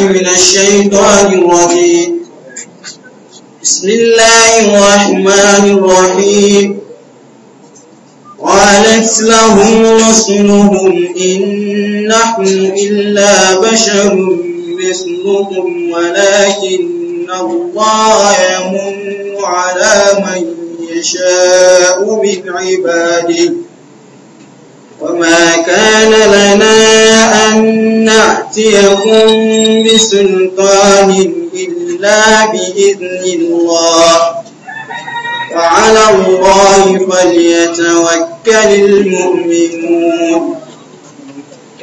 من الشيطان الرجيم بسم الله الرحمن الرحيم قالت لهم رسلهم إن نحن إلا بشر مثلكم ولكن الله يمن على من يشاء من عباده وما كان لنا أن نأتيكم بسلطان إلا بإذن الله وعلى الله فليتوكل المؤمنون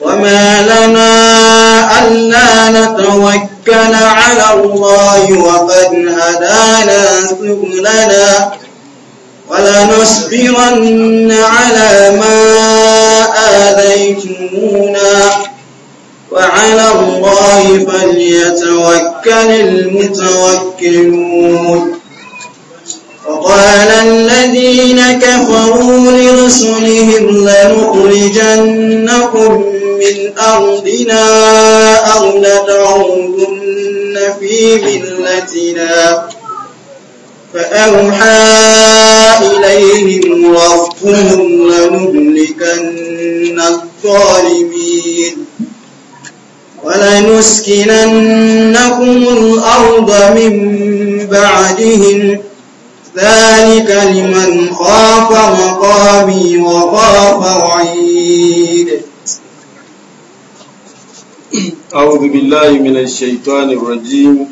وما لنا ألا نتوكل على الله وقد هدانا سبلنا ولنصبرن على ما آذيتمونا وعلى الله فليتوكل المتوكلون وقال الذين كفروا لرسلهم لنخرجنكم من أرضنا أو لتعودن في ملتنا فأوحى إليهم ربهم لنهلكن الظالمين ولنسكننكم الأرض من بعدهم ذلك لمن خاف مقامي وخاف وعيد أعوذ بالله من الشيطان الرجيم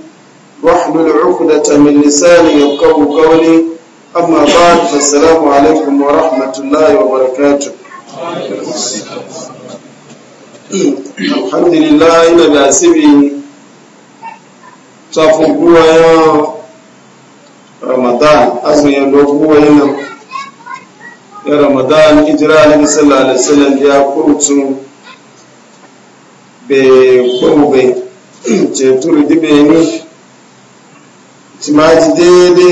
واحلل عقدة من لساني يفقهوا قولي اما بعد فالسلام عليكم ورحمة الله وبركاته الحمد لله ان ناسبي تفقوا يا رمضان أزمي يدوقوا هنا يا رمضان اجرا النبي صلى الله عليه وسلم يا قرطو بقربه جتوري دي بيني tí deede ti déédé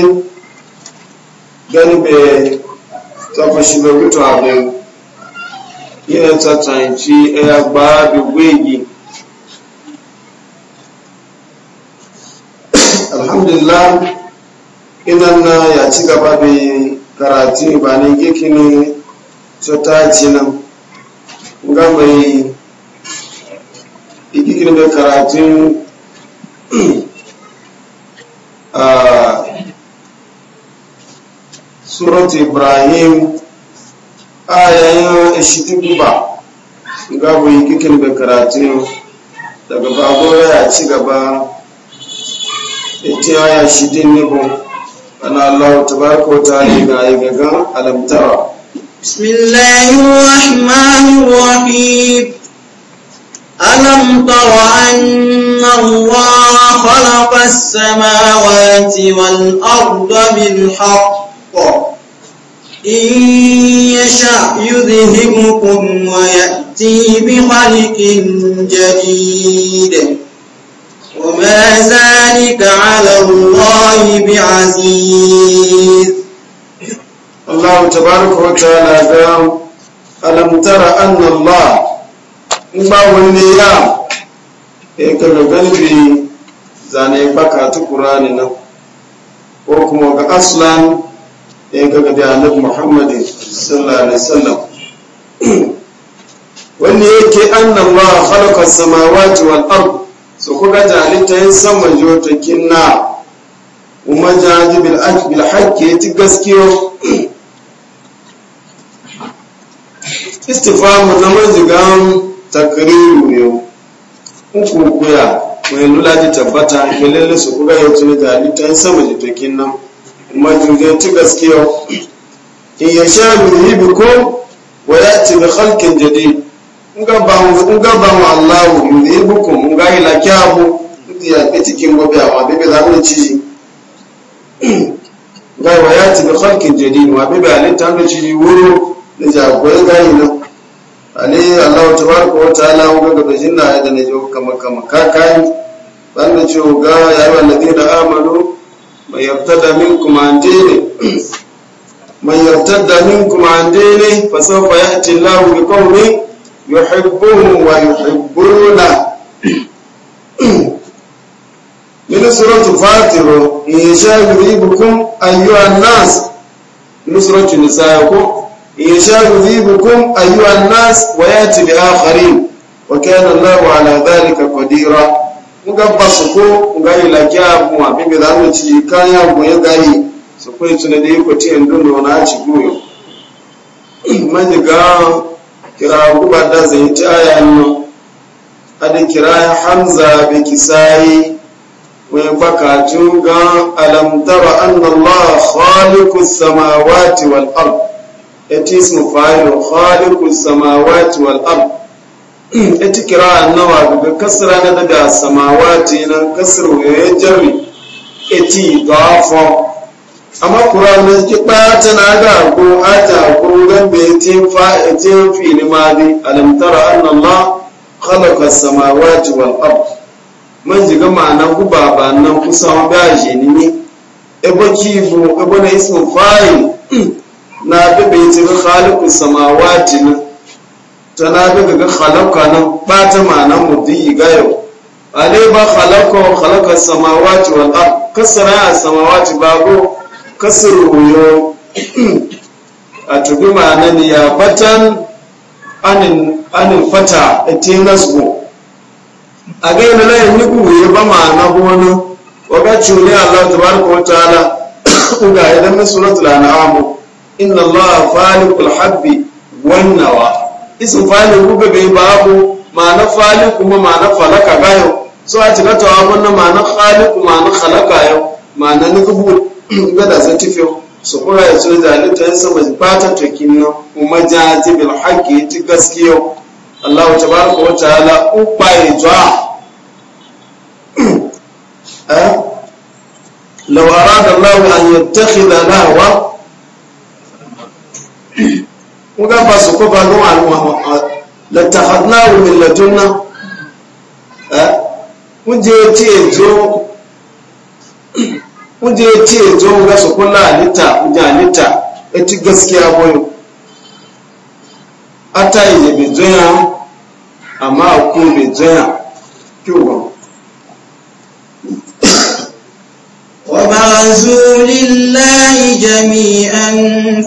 gẹ́nìbẹ̀ tọ́fọ̀ṣìlọ rítọ̀ tata ìtì ẹ̀yà gbá gbogbo èyí alhamdulillah ina na ya gaba da karatu ba ne yake ne tsota ikikin karatun surat ibrahim ayayin ishitikuba ga bai kikin da karatu daga babu ya ci gaba ita ya shidin nebo ana Allah tabaraka wa ta'ala ga ayyukan alamtara bismillahir rahmanir rahim ألم تر أن الله خلق السماوات والأرض بالحق إن يشاء يذهبكم ويأتي بخلق جديد وما ذلك على الله بعزيز الله تبارك وتعالى قال ألم تر أن الله مباون يا يكل قلبي زاني بكى تقراننا وكما أصلا in kaga da annabi muhammad sallallahu alaihi wasallam wanda yake annan Allah khalaqa samawati wal ard so kuga jalita yin sama jota kinna kuma jaji bil haqq bil haqqi ti gaskiyo istifamu na majigan takriru ne uku kuya mai lula ji tabbata ke lalle su kuga yau tuni jalita yin sama jota kinna majinganci gaskiya in ya sha min hibi ko wa ya ci bi halkin jade in ga ba mu allahu min hibi ko mun ga ila kyabu ya ke cikin gobe amma bebe za mu ci ga wa ya ci bi halkin jade wa bebe a halitta da ci wuro da jagoyar gani nan ale allahu tabaraka wa ta'ala ga gabashin na da ne jo kama kama kakai ban da ciwo ga yayin da da amalu mai yartadda min kumande ne mai yartadda min kumande ne fa sawfa yati Allahu bi qawmi yuhibbuhum wa yuhibbuna min surat fatir in sha yuhibbukum ayyuha nas min surat nisa ko in sha yuhibbukum nas wa yati bi akharin wa kana Allahu ala dhalika qadira muga basu ko ga yi lagiya abu abin da zamu ci mu ya gayi su kai tuna da yiko ti en dono na ci goyo man ga kira ku ba da zai ta aya no adin kira hamza bi kisai wa baka juga alam tara anna allah khaliqus samawati wal ard etis fa'ilu samawati wal ard ita kira nawa daga kasra na daga samawati na kasar ya jami eti dafo amma qur'an ki bata na ga ko ata ko gan be tin fa etin fil madi alam tara anna khalaqa samawati wal ard man jiga ma'ana ku baba nan kusa ga ni. ne ebo kibo ebo na ismu fa'il na be be tin ku samawati na tana daga ga halakka nan ɓata ma'anan muddi gayo ale ba halakka halakka samawati wal ard kasara samawati bago kasru yo a tubi ma'anan ya batan anin anin fata etinasgo a ga layin ni kuwe ba ma'ana gona waga cule Allah tabaraka wa ta'ala ga idan na suratul an'am inna Allah faliqul habbi wan nawa isin falin gube bai babu ma'ana falin kuma ma'ana falaka gayo so a cika tawa wannan ma'ana kuma ma'ana halaka yau ma'ana nukubu ga da zan tafi su kura ya so da lita ya sama bata to kinna kuma jaji bil haqqi ti gaskiya Allah tabaraka wata hala uba ya jwa da eh? lawa arada Allah an da lahwa muga ba su ko ba gon alwa la takhadnahu min ladunna eh unje ti ejo unje ti ejo muga su ko la alita unje alita ti gaskiya boyo ata yi bi iye bejoya ama ku bi ki o جميعا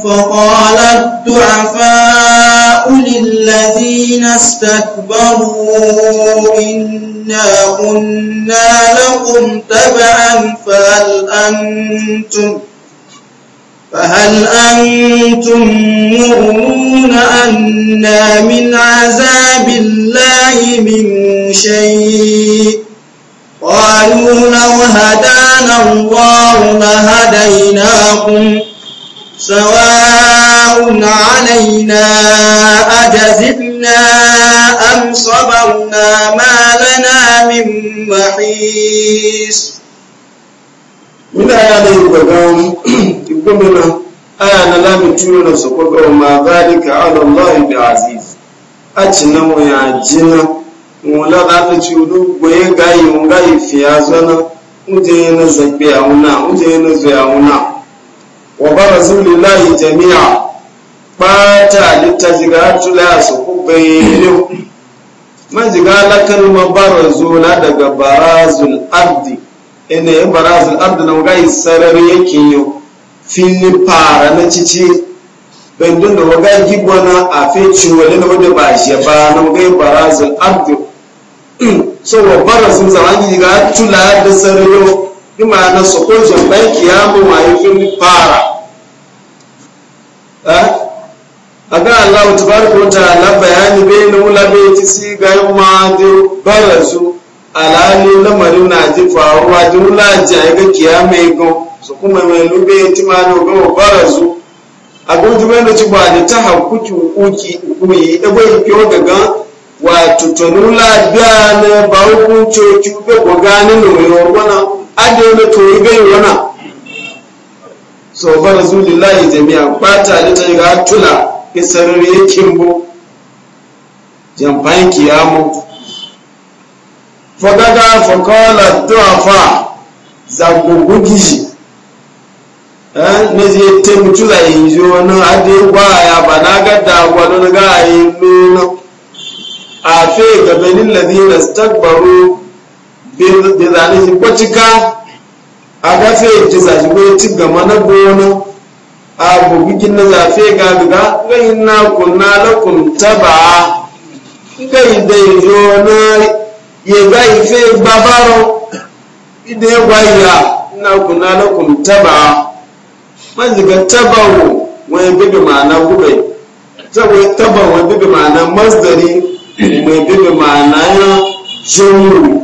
فقال الضعفاء للذين استكبروا إنا كنا لكم تبعا فهل أنتم فهل أنتم مرون أنا من عذاب الله من شيء قالوا لو هدانا الله لهديناكم سواء علينا أجزبنا أم صبرنا ما لنا من محيص من آيانا يبقون يبقون آيانا لا متولنا سقوقهم ما ذلك على الله بعزيز أتنا ويعجنا wula da ta ci wudu goye gayi mun gayi fiya zana uje na zabe a wuna uje na zuya wuna wa barazu lillahi jami'a bata littajiga tula su kubayilu man jiga lakar mabarazu na daga barazul ardi ina yin barazul ardi na gayi sarari yake yi fili para na cici bandun da waga gibona a fecin wani na wadda ba shi ba na wagai barazul ardi so wa bara sun zawangi ga tula da sarriyo bi ma'ana su ko jambai kiyamu ma yi fin fara a ga Allah tabaraka wa ta'ala bai na wula bai ti si ga ma da bara su alali lamarin na ji faruwa da wula ji a ga kiyamai gan su kuma mai lube ti ma da ga bara su a gudu bai da ci ba da ta hakuki hukuki hukumi da bai ga wato tonula biya ne ba hukuncin cube ko gani na wayo? wana ade ne to yi gai wana so ba rasulullahi jami'a bata ne ta ga tula ke sarari yakin bo jamfan kiyamu fagaga fakola duafa zagugu gishi eh, ne zai taimutu zai yi wani ajiye wa ya ba na ga dagwalo na ga yi nuna a fe gabanin ladina stakbaru bi zane shi kwacika a gafe ta zaji ko ci gama na gona a bugugin na zafe ga daga gai na kunna na kunta ba gai da yo na ye gai fe babaro ide gwaya na kunna na kunta ba maziga tabawo wani bibi ma'ana gube saboda tabawo wani bibi ma'ana masdari mai bi ma'ana ya jumru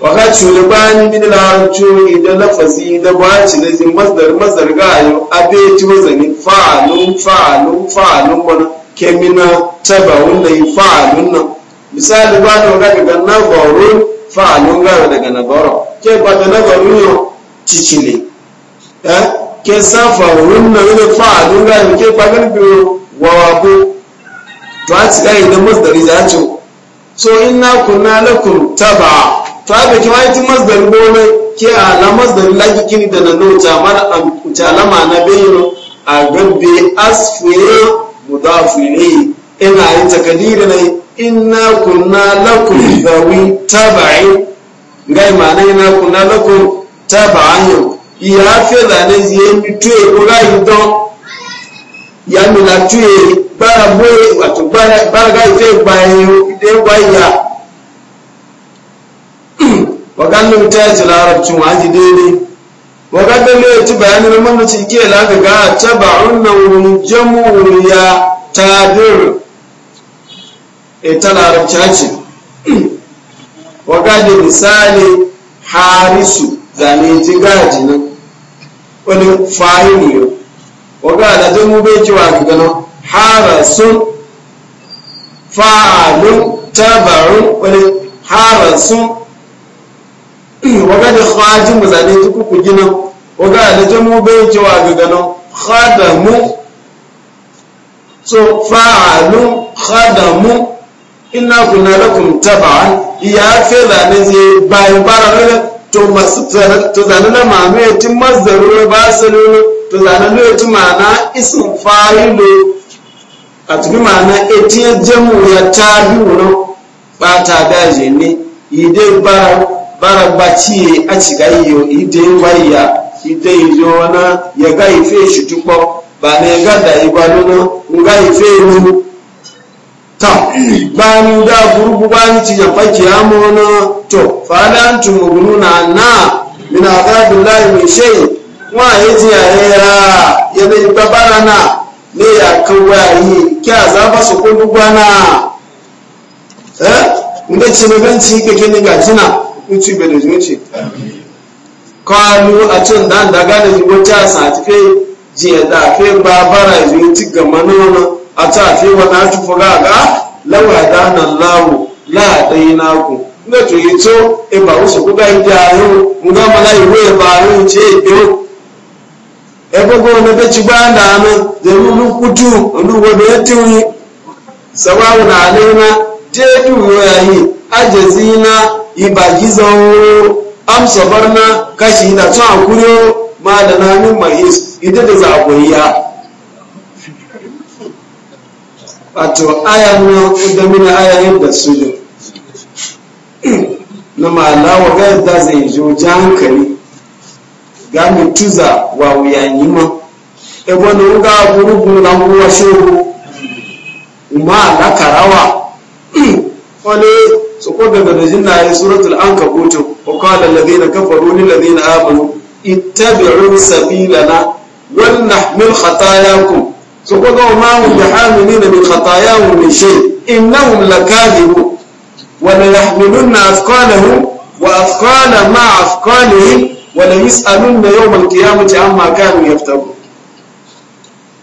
wakati wani bayan min larabci idan lafazi da baci na jin masdar masdar gayo abeti wazani fa'alun fa'alun fa'alun wani kemina taba wanda yi fa'alun nan misali ba da waka daga nabarun fa'alun gayo daga nabarun ke ba da nabarun yau cicile eh? ke safarun na wani fa'alun gayo ke ba garbe wawabu to a ci gayi da masdari za ce so inna kunna lakum taba to a baki wani ti masdari gona ke a la masdari laki kini da na nauta mana jalama na bayyano a gabbe asfiye mudafu ne ina yi takadiri ne inna kunna lakum zawi taba'i ngai ma'ana ina kunna lakum taba'an yau ya fi zane ziye mito e ya kura yi don ya nuna tuye bara boye wato bara ga ife bayan idan wakan wakannin ta yi larabcin waji daidai wakannin ne ci bayanin mamaci ke laga ga taba'un nan ya ta dir ita e larabci ce wakannin misali harisu zane ji gaji wani fayi waga da tun mu bai kiwa ga gano harasun fa'alun tabarun wani harasun waga da khajin mu zane tuku ku gina waga da tun mu bai kiwa ga gano khadamu so fa'alun khadamu inna kunna lakum tab'an ya fela ne je bayan bara to masu to na mamu ya tin mazaru ba salulu to zanen da yaci ma'ana isin fa'ilo a cikin ma'ana etiyar jamu ya ta biyu ba ta daje ne ide bara baci a ciga iyo ide waya ide iyo wana ya ga ife shi tukpo ba na ya gada ibalona nga ife ilu ta bani da burubu bani ci ya faki amona to fa fadantum gununa na min azabillahi min shay'in nwaanyị ji ya nyere agha ya na-egbabara na na ya kawo ayi kí àzá bá sọkó gbogbo náà ẹ ndé tsinubẹ́ntì kékeré nígbà jìnnà ntú ìbẹ̀rẹ̀ ba kọ́ọ̀lù àti ndàndàgá ní ìbò na àṣà ji fẹ́ jìyàdá àfẹ́ gba bára ìdúrótì gàmà náà àti àfẹ́ na náà tún fọgá iwu ebogo na ta ci banda nan zai lukutu luwa da ya tiwi sababu na alaina je duwa yayi ajazina ibagizo am sabarna kashi na tun akuriyo ma da namin ma ita da zagoyiya wato aya na da mini aya yadda su na ma'ala wa ga yadda zai jo ji hankali ga mituza wa ma ebo ni uga burubu na nguwa shuru uma na karawa wani soko daga da jinna ya suratul an kabutu wa qala alladhina kafaru lil ladhina amanu ittabi'u sabilana wal nahmil khatayakum soko ga ma mu bihamilina min in min shay innahum lakadibun wa la yahmilunna afqalahum wa afqala ma afqalihim wala yus'alun na yawmal qiyamati amma ya yaftabu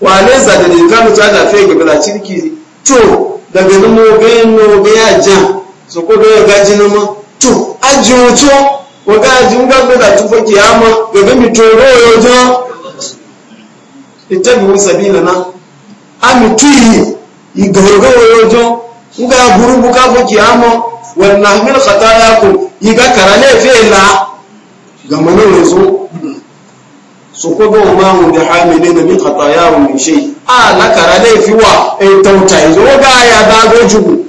wale za da ne kanu ta da fe ga cirki to daga nan mo ga yin ga ya jan so ko da ga jin ma to ajuto wa ga jin ga da tu fa kiyama ga ga mi to ro yo jo itabi sabila na ami tuyi igoro yo jo ga buru buka fo kiyama wa nahmil khatayakum iga karale fe la ga mana yanzu su kuma ma mu bi hamile da min khataya wa min shay a la kara dai fi wa e tauta yanzu ga ya da go jugu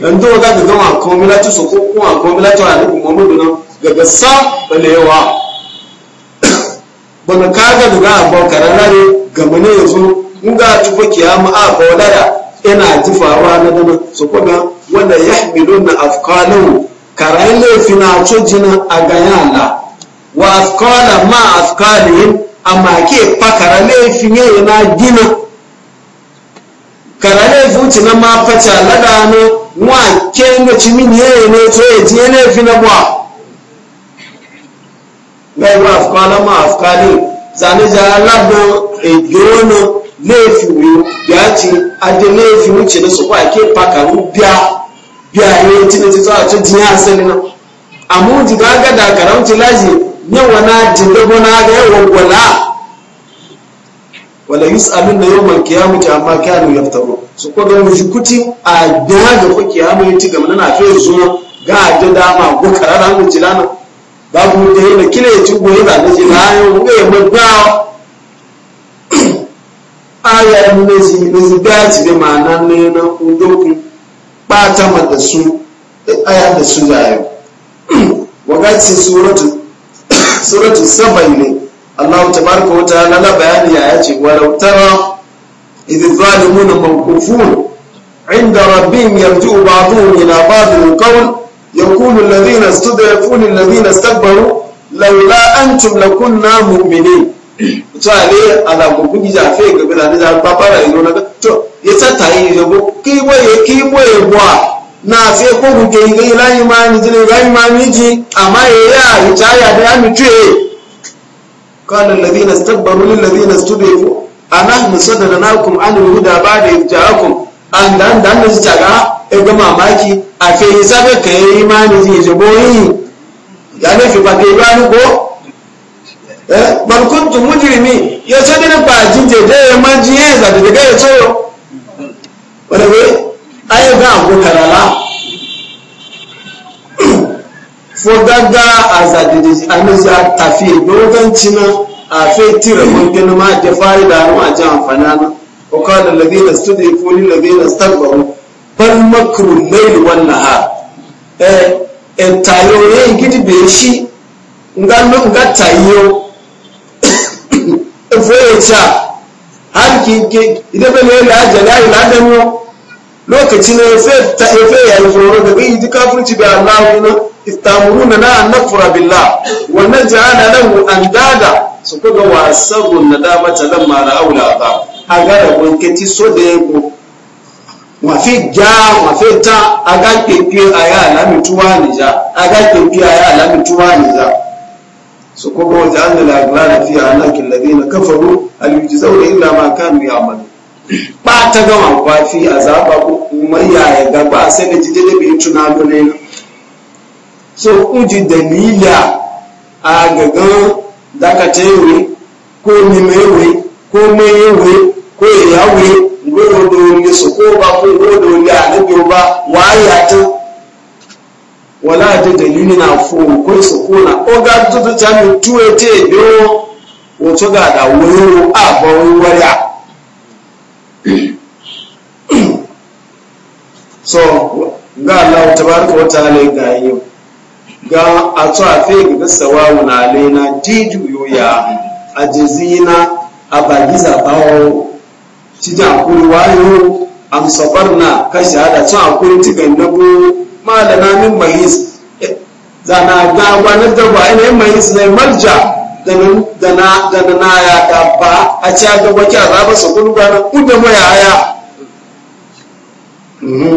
dan to ga da ma ko mi la ci su ko ko ko mi la ci ali ko mu dun ga ga sa balewa bana kaga duga abban karanare ga mana yanzu mun ga ci ko kiyama a ko lara ina tufawa na dana su kuma wanda yahmiluna afqalu karayin laifin a cojin a gayana wa afkala ma afkali amma ke fakara laifin yayi na gina kara laifin ci na ma faca lada no wa ke nga ci min yayi ne to ya ji laifin na bwa gai wa afkala ma afkali zane ja lado e gona laifin ya ci ade laifin ci na su kwa ke fakaru biya biyaye tina ti tsawa ta jiya asali na amma ji ga da karamci laji yawa na jinda gona ga yawa gwala wala yus'alun da yawmal qiyamati amma kanu yaftaru su ko ga kuti a daga ko kiyama ti ga na fe zuwa ga a da dama ko karara mu jilana babu da yana kile ya ci goyi da ne jilana yau ga ya ba aya yi ji ne ji da ci da ma'anan ne na udokun bata da su ayat da su yayo wagati suratu suratu saba'in ne Allah tabaraka wa ta'ala na bayani ya yace walau tara idh zalimuna mawqufun inda rabbihim yarji'u ba'dhum ila ba'dhin qawl yaqulu alladhina istudhafu lilladhina istakbaru laula antum lakunna mu'minin to alamu ala ko bugi ja fe ga bela ni ja papara iro na to ye tata yi je bo ki bo ye ki bo ye na fe ko bu ke ngi la yi ma ni jile ga yi ma ni ji ama ye ya yi ta ya da mi tue qala alladhina istakbaru lil ladhina istudhifu anahnu sadadnakum an huda ba'da ja'akum an dan dan ni ja ga e ga mamaki a fe yi sabe kai imani ji je bo yi ya ne fi ba ke ba ni ko man eh, kuntum mujrimi yo so dina pa jinje de man jiye za de ga so wala we ayo ga ko karala fo daga gaga azadidi anusa tafi dogon cina a fe tira mun gina ma da fari da mu a ji amfani na ko ka da ladina studi ko ni ladina stabbaru bal makru layl wannan ha? eh en tayo ye gidi be shi ngallo ngatayo foye ca har kinke idan bane ya ajiyar yayi ladan yau lokaci ne sai ta efe ya yi tsoro daga yi ji kafirci ga Allah na istamuruna na annafura billah wannan jihana nan an dada su kuga wasan na dama ta nan ma na aula ba a gara gwanketi so da ya ko mafi gya mafi ta a ga kefe a yi alamin tuwa ja a ga kefe a yi alamin tuwa ja su kuma wajen an da lagrana fiye a nakin na kafaru al zaune illa ma kanu ya'mal ba ta gama ba fi a zaba kuma ga ba sai da jide da bi tuna gane na so uji dalila a ka dakata yi ko nima yi ko mai yi ko ya yi ngoro do wani su ko ba ko goro da wani a ba wa ya ta wala ta dalili na fo ko su kona o ga tutu ta mi tuwe te do o to ga da woro a ba wariya so ga Allah tabaraka wa ta'ala ga yau ga a to a fe ga sawawu na lena jiju ya ajizina abagiza bawo cikin akuri wayo am sabarna kashi hada tun akuri tikan na bu malana min mayis zana gagwanar da ba ainihin mayis na marja da na ya ta ba a ci aka baki a zaba su kudu gana kuda mai haya mhm.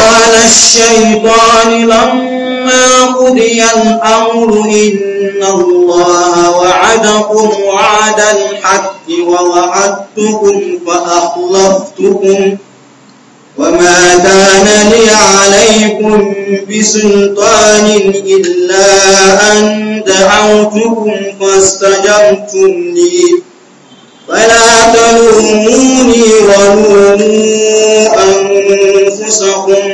قال الشيطان لما قضي الأمر إن الله وعدكم وعد الحق ووعدتكم فأخلفتكم وما كان لي عليكم بسلطان إلا أن دعوتكم فاستجبتم لي فلا تلوموني ولوموا أنفسكم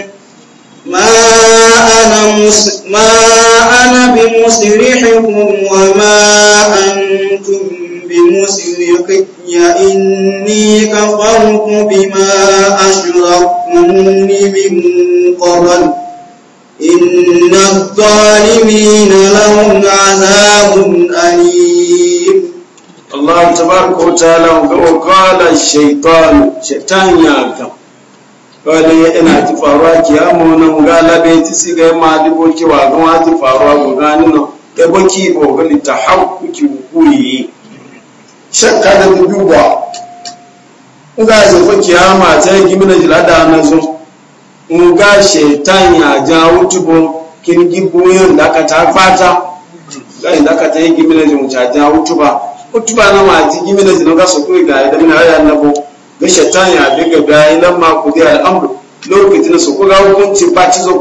ما أنا ما أنا بمسرحكم وما أنتم بمسرحي إني كفرت بما أشركتم القرون من قبل إن الظالمين لهم عذاب أليم الله تبارك وتعالى وقال الشيطان شيطان ياكم wani yana ti faruwa kiyamu na mugalabe ti siga ya ma dubo kiwa ga ma ti faruwa gogani na ya baki ogali ta hau kuki hukuri shakka da dubuwa nga zo fa kiyama ta gimina jilada na zo nga shaitan ya ja wutubo kin gibuyin da ka ta fata ga na ka ta gimina jin ta ja wutuba ba na ma ji gimina jin ga so kuyi ga idan na ya nabo ga shaitan ya daga bayi nan ma ku da al'amru lokacin su ku ga hukunci ba ci zo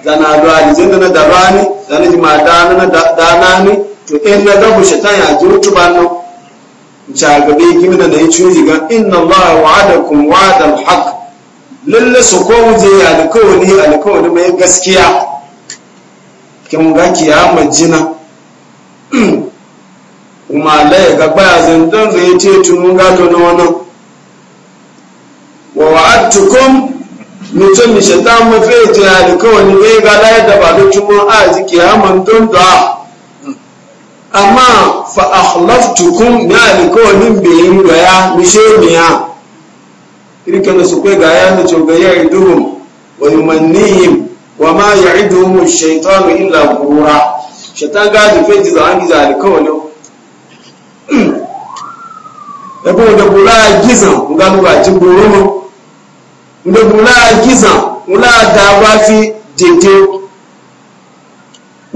da na do alizin na dabani zana ji ma dana na danani to in eh, na ga shaitan ya ji wutuba nan jagabe kimina da ya cuji ga inna Allah wa'adakum wa'adal haq lalle su ko yi alkawari alkawari mai gaskiya kin ga kiyama jina kuma laye ga baya zan zai ce tun ga to na wannan wa wa'adtukum mutum shaitan mafi ce alkawari mai ga laye da ba da tun a ji kiyaman don da amma fa akhlaftukum na alikawarin bayin gaya mishe ha. irka da su kai ga ya na coga ya idurum wa yumannihim wa ma ya'iduhum ash-shaytanu illa ghurura shaitan ga da feji za an giza alikawarin da kuma da bula gizan ga lura jin mu. da bula gizan mula da ba fi dede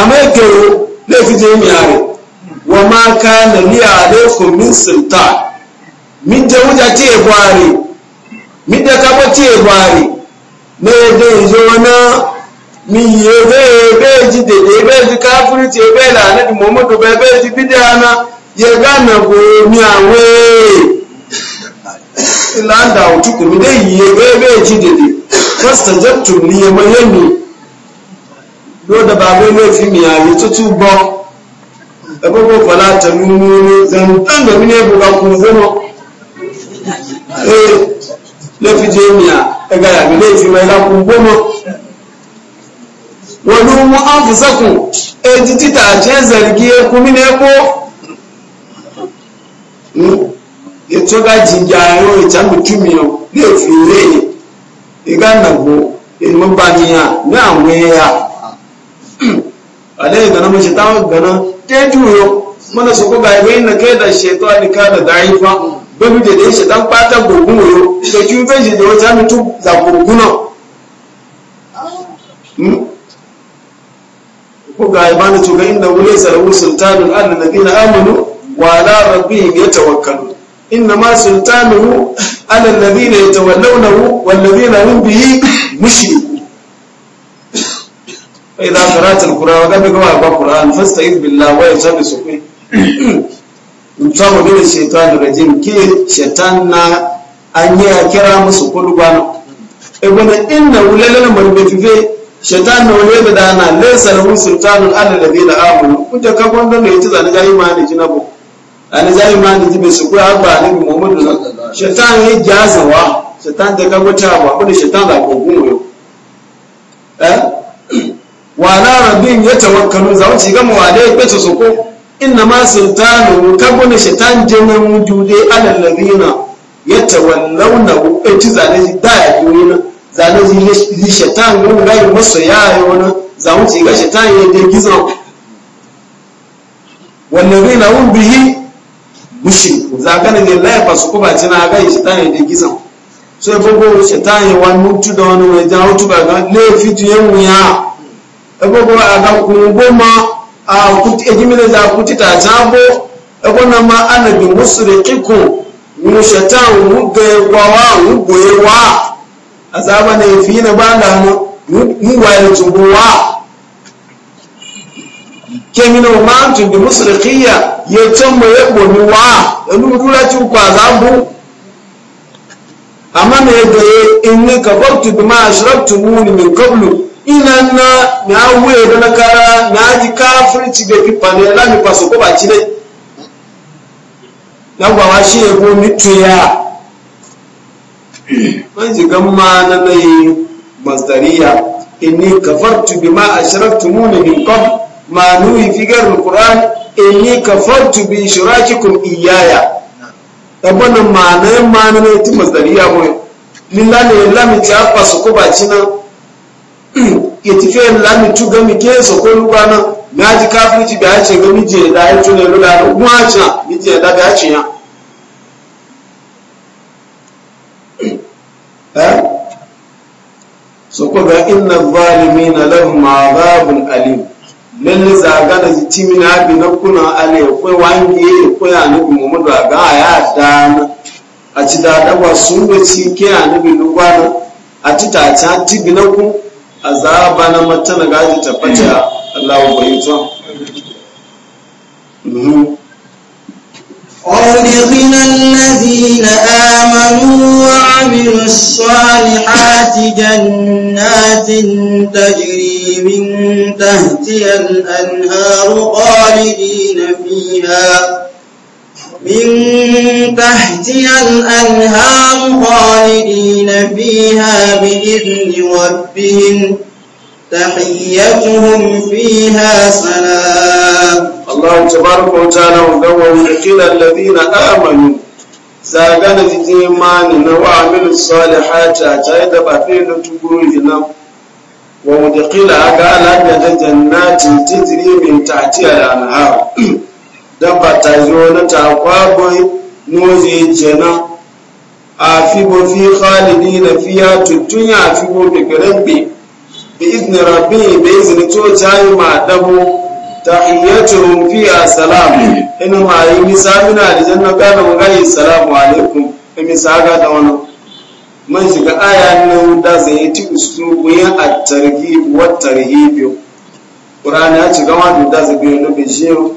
amẹ́kẹ̀rọ lẹ́fi jẹ́ mi àrẹ̀ wọ́n máa ká nàní àrẹ̀ fún mi sèǹtà mi jẹ́ wújà tí èbò mi jẹ́ kábọ́ tí èbò àrẹ̀ lẹ́ẹ̀dẹ́ ìjọba mi yìí bẹ́ẹ̀ bẹ́ẹ̀ jí dèdè bẹ́ẹ̀ jí káfírí tí bẹ́ẹ̀ là nẹ́bi mọ́mọ́tò bẹ́ẹ̀ bẹ́ẹ̀ jí bídẹ́ àná yẹ gánà bò mí àwẹ̀ mi lẹ́yìn yìí bẹ́ẹ̀ bẹ́ẹ̀ jí dèdè wọ́n sàjẹ́ tòun ní ko da ba wai laifi mai tutu ba abubuwa fala ta nuni zantan da mine buga kuma zama eh laifi jami'a gaya yabi laifi mai lakun goma wani mu an fi saku e eh, ji zargi eh, hmm? ya kumi ne ko ètò ga jìjà fi alai gana mace ta gana ta juyo mana su kuka yi na kai da sheto a nika da fa babu da da shi dan bata gurgun yo da kin bai shi da wata mutu za gurguna hmm? ko ga yi bani tuga inna wule sarau sultanun anna nabina amanu wa ala rabbihim yatawakkalu inna ma sultanuhu ala alladhina yatawallawnahu wal ladhina hum bihi mushrikun fa idza qara'ta al-qur'ana ga ga ba qur'an fasta'id billahi wa yasabi sukun mutawo da shaitan rajim ke shaitan na an yi a kira musu kulban ibn inna ulal marbife shaitan na wani da ana laysa lahu sultanun ala alladhina amanu kunta ka gonda ne yace zani jahi ma ne jinabo ani jahi ma ne jibe su kuwa ba ne muhammadu shaitan ya jazawa shaitan da ka gota ba ko shaitan da ko gumo eh wala rabin ya tawakkalu za mu ci ga mu wale pe to soko inna ma sultanu kabuna shaitan jinan jude alal ladina tawallawna e ci zane da ya na zane ji shaitan mun ga yi musu ya yoyina za mu ci ga shaitan ya je gizo wallazina hum bihi mushriku za kana ne la ba su kuma tana ga shaitan ya je gizo so gogo shaitan ya wani mutu da wani wajen ba ga lafi tuyen mu ya ebogo aga kungoma akuti ejimile za kutita jambo ebona ma anabi musriqiku mushatan muge wawa mugoyewa azaba na ifina bana mu mugwaye tubuwa kemina umantu bi musriqiya yetomo yebomiwa enudula ti kwa zambu amana yegoye inni kabartu bima ashraktumuni min qablu ina na na awuye na kara na ji kafirci da pipa ne na mi paso ko baci ne na gwawa shi ya go mituya man ji gamma na tu masdariya inni kafartu bima ashraktumuni min qabl ma nuhi fi ghayril qur'an inni kafartu bi shirakikum iyaya tabbana ma'anar ma'anar ta masdariya mu la lillahi ta kwaso ko baci nan ya ti lami tu gami ke so ko na mi aji kafiriti bi ce ga je da ya tuna lula da mu ace mi je da ga ace ya eh so ko ga inna zalimina lahum azabun alim lalle zagana timina bi na kuna ale kwai wange kwai anabi ga ya a ci da ci ke na a ci ta na azaba na mata na gaji tabbata Allah wa yuto أورثنا الذين آمنوا وعملوا الصالحات جنات تجري من تحتها الأنهار خالدين فيها من تحتها الأنهار خالدين فيها بإذن ربهم تحيتهم فيها سلام الله تبارك وتعالى وقال الذين آمنوا zagana jije mani na wa amilu salihati a tare da bafe da tuguri na wa mudakila da jannatin dabba ta zo na ta kwakwai noje jena a fi bo fi khalidi na fiya tuntun ya fi bo bigiran bi bi izini rabbi bi izni to tayi ma dabo tahiyyatuhum fiha salam ina ma yi misamina da janna kana mu gayi salamu alaikum in misaga da wannan man shiga aya nan da zai yi ti uslubu ya at-targhib wa at-tarhib Qur'ani ya ci gama da zai biyo na bishiyo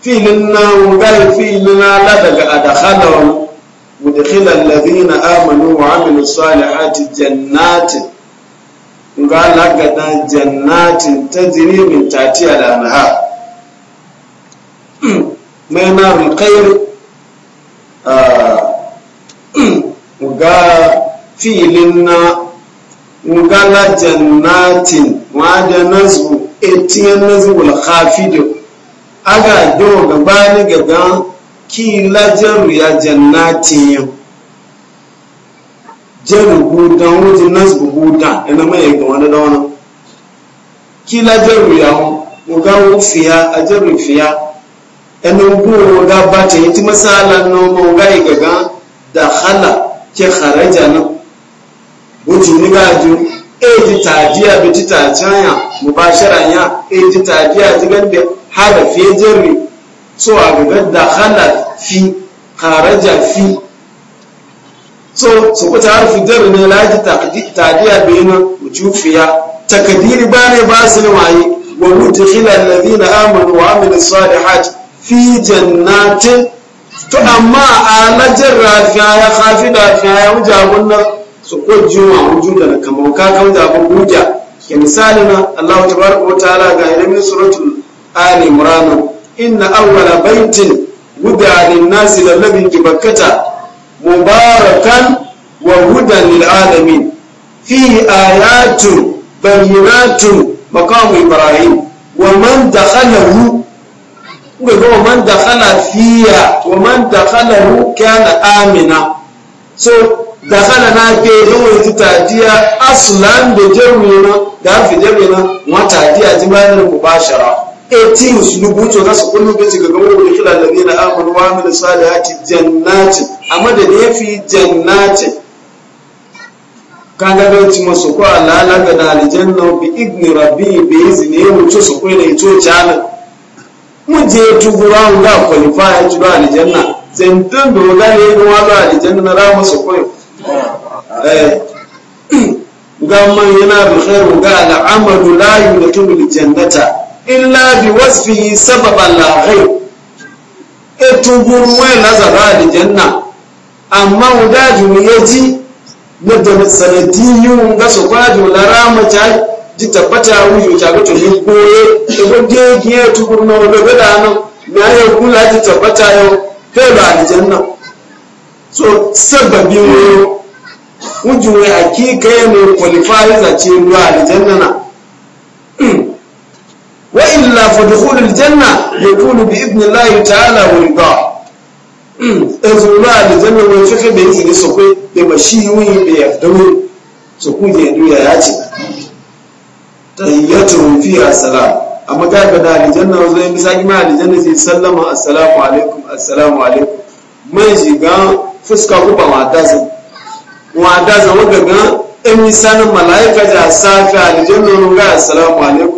filin na ngai filin na la daga adakhala mudkhila Ladina amanu wa amilu salihati jannatin nga la gada jannatin tajri min tahtiha al-anhar mai na alkhair nga filin na nga la jannatin wa da nazu etiyan nazu al-khafidu aga do gabani gagan ki la jaru ya jannati yau jaru gudan wuji nasbu gudan ina mai ga wani da wani ki la jaru ya mu ga fiya a jaru fiya ina goro ga bata yi ti masalan noma ga yi gagan da hala ke kharaja na wuji ni ga ju e ji tadiya bi ti tajanya mubasharan ya e ji tadiya ji gande harafe jarri so a gagar da hana fi kharaja fi so su kuta harfi jarri ne بين tadiya bayina wujufiya takadiri ba ne ba su ne waye wa mudkhila alladhina amanu wa amilus fi to amma a lajar rafiya ya khafi da rafiya ya wuja wannan su ko juma wuju da kamar ke misali na Allah ga ilimin suratul ali imran inna awwala baitin wudi'a lin-nasi lalladhi mubarakan wa hudan lil-alamin fihi ayatun bayyinatun ibrahim wa man dakhalahu gbogbo wa man dakhala fiya wa man dakhalahu kana amina so dakhala na ke yawon ti tadiya asulan da jami'ina da hafi jami'ina wata tadiya ji bayan eti musulubu to za su kullu ga ci gaban wani kila da ne na amur wa mil salihati jannati amma da ne fi jannati kaga da ci masu ko alala ga da aljanna bi igni rabbi bi izni mu to su ko ne to jana mu je tu gura mu da qualify ju da aljanna dan do ga ne ko wa aljanna na ramu su ko eh ga man yana bi khairu ga al'amalu la yudkhilu jannata. illa bi wasfihi sababan la ghaib etuguru wai lazara aljanna amma wadaju ya ji na da sanadiyu ga su kwaju na rama ta ji tabbata wuju ta ga tuni goye ego degi ya tuguru na wadda gada nan na ya kula ji tabbata yau kai ba aljanna so sababi wuju wai hakika ya ne ruwa aljanna na wa illa fa dukhulul janna yakunu bi idnillahi ta'ala wa ridha hmm. ezula aljanna wa fifi bi idni sokwe da wuyi da bi yafdaru su ku je duya ya ce ta yi ya tahiyyatu fiha salam amma ga ga da aljanna wa zai misali ma aljanna zai sallama assalamu alaikum assalamu alaikum mai shiga fuska ku ba wa dazin wa dazin wadda ga ga in misalin malaika ja safi aljanna ga assalamu alaikum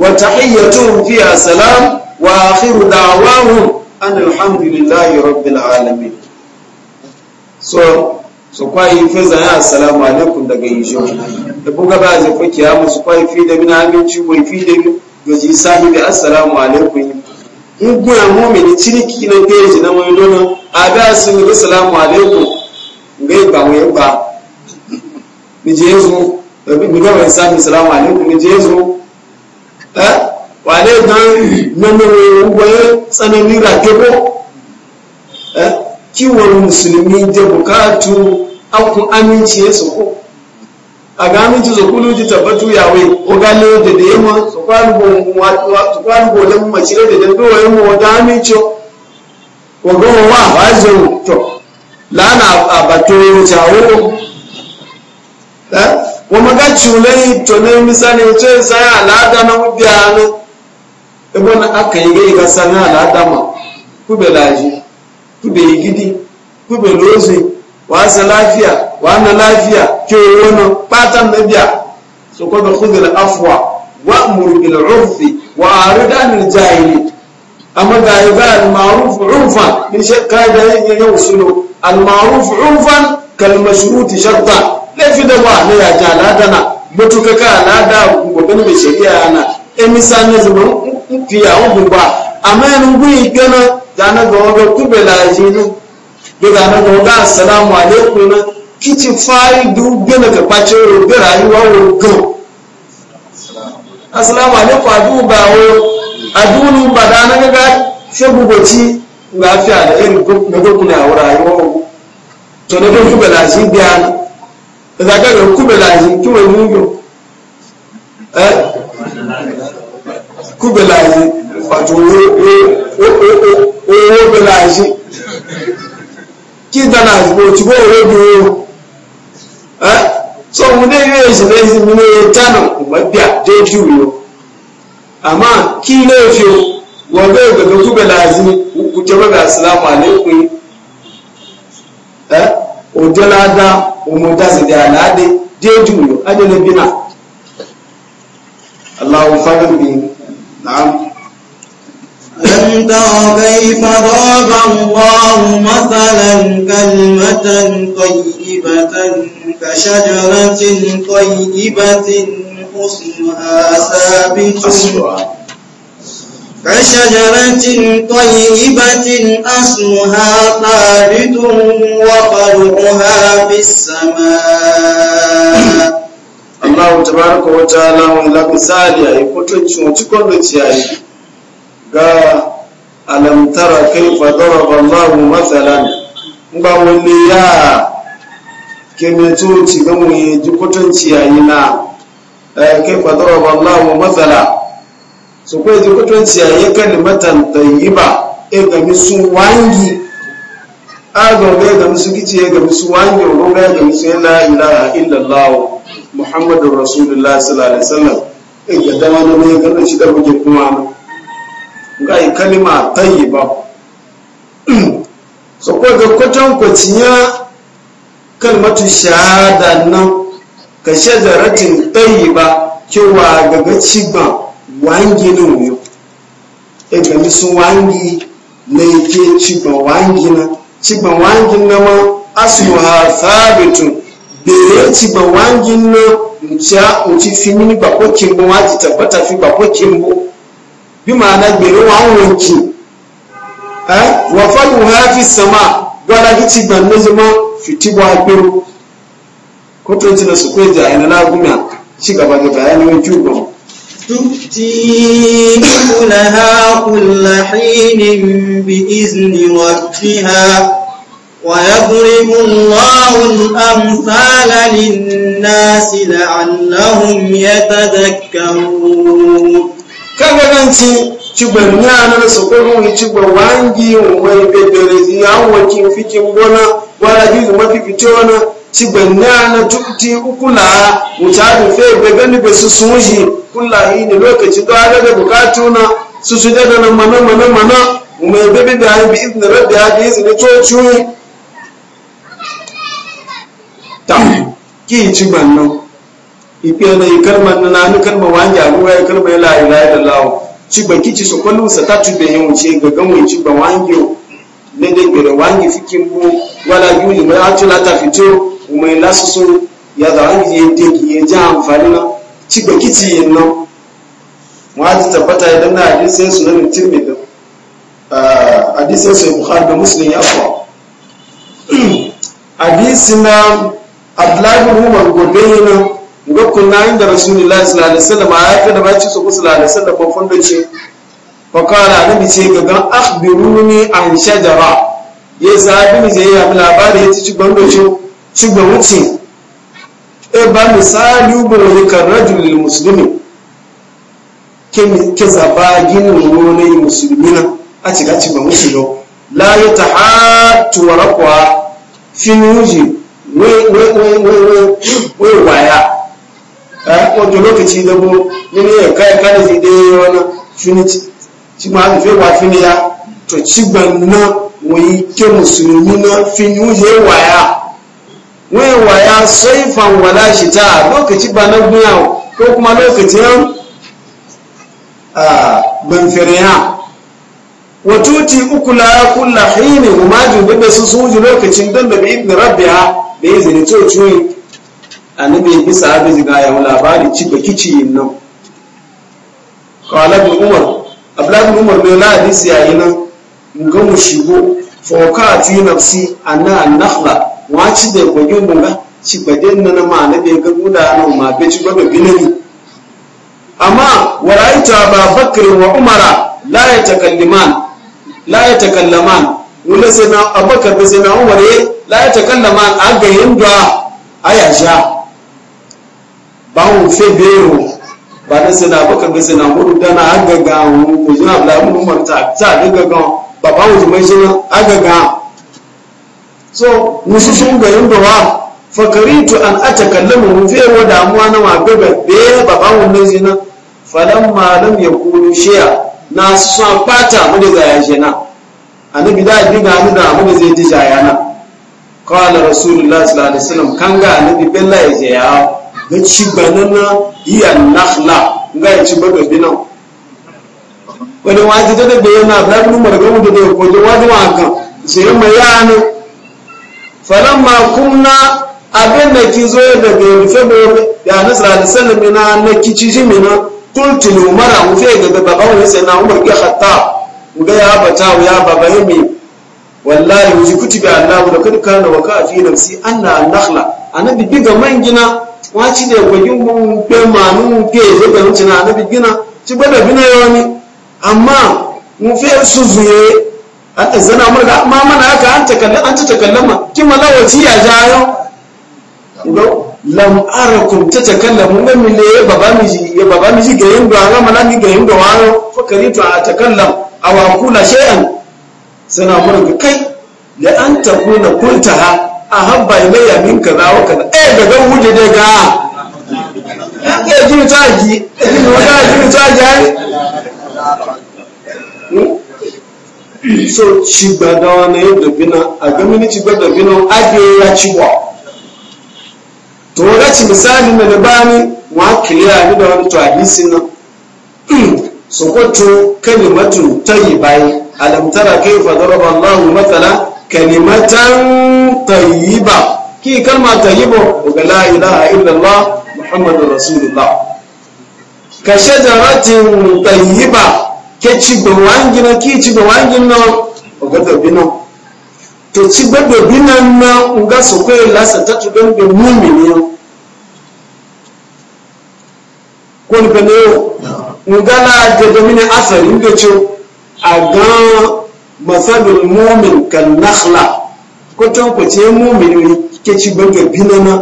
wa tahiyyatuhum fiha salam wa akhiru da'wahum alhamdulillahi rabbil alamin so su kwayi fi zane assalamu alaikum daga yisho da buga ba zai fake ya musu kwayi fi da mina aminci mai fi da gaji sahi da assalamu alaikum in guna mumini ciniki na peji na mai nuna a da sun yi assalamu alaikum ngai ba mai ba ni je zo da bi ga mai sami assalamu alaikum ni je zo wàlẹ́ gan nínú wọ́n tsanani rà débò kiwon musulmi da bukatu akun aminci ya soko a ga aminci su kulu tabbatu ya wee o ga le da da yamma su kwanugo mace da da dowa yamma aminci ọ, ga wa wa to a bato ya kuma ká ciulẹ̀ tó ní misali tó yẹ sáyà aláàdá náà bí a ní ebo na aka yi gai ka sanya aláàdá ma kube láàyè kube gidi kúbẹ̀ lóòzì wàá sẹ wani wàá na láàfíà kí owó náà pátá náà bí afuwa wa mùrù ilẹ̀ wa àrídá jahili amma ga yi ga almaruf rufan ni shakka da yin yau suno almaruf rufan laifi da ba na yaji al'ada na mutuka ka al'ada gwagwani mai shari'a na emisa na zuba fiya hukun ba amma yana gwi gana zana ga waga kube laji na da zana ga waga assalamu alaikum na kici fari du gana ka kwace rubi rayuwa wurin assalamu alaikum adu ba o adu ni ba da na ga shegu goci lafiya da irin na gurkuna a rayuwa to na gurkube laji biya na ìdájọ́ kúbẹ̀lá yìí kí wọ́n mú yọ ẹ́ kúbẹ̀lá yìí pàtó owó bẹ̀lá yìí kí dáná àdìgbò tí wọ́n wọ́n bí wọ́n ẹ́ tó mú ní ilé ìṣẹ̀lẹ̀ ìsinmi ní tánà ìgbàgbà déjú yọ àmá kí ilé fi wọ́n bẹ́ẹ̀ gbẹ̀gbẹ̀ kúbẹ̀lá kube kú jẹ́ bẹ́ẹ̀ bẹ́ẹ̀ àsìlámù àlékún ẹ́ òjọ́láàdá òmùdásílẹ̀ àláàdé déédù yóò adélébínà aláwọ̀ fábíbi bi na تر كيف ضرب الله مثلا كلمة طيبة كشجرة طيبة أصلها ثابت كشجرة طيبة أصلها ثابت وفرعها في السماء Allah tabaraka wa ta'ala wani lagun sa'adi a yi kutuncin wacce kwallo ciyayi ga alamtara kai fadara ballahu matsalan ba wani ya kemeto ci gamu ya ji kutunci na kai su kwa ji kutunci yayi kalimatan tayyiba e ga misu wangi a ga ga ga misu kici e ga misu wangi ko ga ga misu la ilaha illallah muhammadur rasulullah sallallahu alaihi wasallam e ga da wani ne ga shi da muke kuma ga yi kalima tayyiba su ko ga kutan kuciya kalmatu shahada nan ka shajaratin tayyiba cewa ga ga cigban wangi na wuyo e gami wangi na yake cigban wangi na cigban wangi na ma asulu ha sabitu bere cigban wangi na nci fi mini bakokin bo waji tabbata fi bakokin bo bi ma'ana bere wa wanki eh wa fadu sama gwada ki cigban na zama fiti bo agbero ko to ji na su kwe ja ina na gumiya ci gaba da bayanin jugon تؤتي أكلها كل حين بإذن ربها ويضرب الله الأمثال للناس لعلهم يتذكرون كبرنتي cibban yana su kurun cibban wangi wani bebere ya wakin fikin gona wani gizo mafi fito na cibanyana tukti ukula mutane fe begani be susunji kula ini lokaci to aga da bukatu na susu da na mana mana mana mai bebe da bi izini rabbi ha bi izini coci ta ki cibannan ipe na ikalman na nanu kalma wanja ruwa ya su ta tube yin wuce ga fikin wala yuli ta fito mai so ya zaran ya dingi ya ji amfani na ci ba kici yin nan mu haji tabbata idan na hadisai su na mutum mai da hadisai su bukhari da musulun ya fa hadisin na abdullahi umar gobe yana ga kunna inda rasulullahi sallallahu alaihi wasallam ya fi da baci su kusa alaihi wasallam ba funda ce fakara na nabi ce ga gan akhbiruni an shajara ya sabi ne ya yi labari ya ci gwando shi Cigba wuce e ba misali ba wani karrajin lil musulmi ke zaba ginin wani musulmi na a ci gaci ba yau la yi ta hatu wa rakwa fin yuji wai waya wajen lokaci da bu nini ya kai kada zai dai wani fini ci ma haka fewa fini ya to cigba ban na wai ke musulmi na fin yuji waya wewa ya saifan wala shi ta lokaci ba na duniya ko kuma lokacin banfiriya watuti ukula kula hini umajin da su suji lokacin don da bi ibn ha da ya zini to cuyi nabi bisa abin zina ya da ci baki ci yin nan kwalabin umar abdullahi umar mai na hadisi yayi nan gamu mu shigo fawqati nafsi a na nakhla wace ci da gwagin ba shi gwagin na na ma'ana da ga guda na ma bai ci gwagin binani amma wa ra'ita ba bakar wa umara la ya takalliman la ya takallaman wala sai na abakar da sai na umar ya la ya takallaman an ga yinda aya sha ba mu fe bero ba da sai na abakar da sai na hudu dana an ga ga mu ko jina abla mu umar ta ta ga ga ba ba mu mai shi an ga ga so musu sun garin da wa fakaritu an atakallama mu fe wa damuwa na ma gaba be baba mun ne zina falan ma lam yakulu shiya na su fata mu da ya shena annabi da diga mu da mu da zai ji jayana qala rasulullahi sallallahu alaihi wasallam kan ga annabi bella ya je ya ga ci banana ya nakhla ga ci baga binan wani waje da da yana da mu margamu da da ko waje wa kan sai mai yana falamma makunna abin da ki zo daga rufe gobe ya nasara da sallami na na kici jimi na ne umara mu fe ga baba wani sai na umar ki hatta mu ga ya bata ya baba yimi wallahi wuji kutibi allah da kun kana wa ka fi nafsi anna an-nakhla annabi diga man gina waci da gwagin mun pe manu pe zo ga mutuna annabi gina ci bada bina yawani amma mu fe su zuye aka zana murga ma mana haka an ta kallon an ta kallama ma lawaci ya jayo ngo lam arakum ta takallamu ga mile ya baba miji ya baba miji ga yin ga mana ni ga yin da wayo fa karitu a takallam aw kula shay'an sana murga kai da an ta ha a habba ilayya min kaza wa kaza eh daga wuje ga ya eh, ji ta ji ji wata ji ta ji hmm? so ci gbadawa na yadda bina a gamini ci gbada bina ake ya ci wa to ci misali na labani wa kiliya ni da wani tuhadisi na sokoto kalimatu tayyibai alam tara kayfa ba Allahu mathala kalimatan ta yi ba ki kalma ba daga la ilaha illallah muhammadu rasulullah ka shajaratin ba". ke cigbe wangi na ki cigbe wangi na ogado na to cigbe do bino na nga sokwe lasa tatu don be mumini ya. ko ni pe yo nga la de domine asari ndo cho aga masalul mumin kan nakhla ko to ko ce mumini ke cigbe do bino na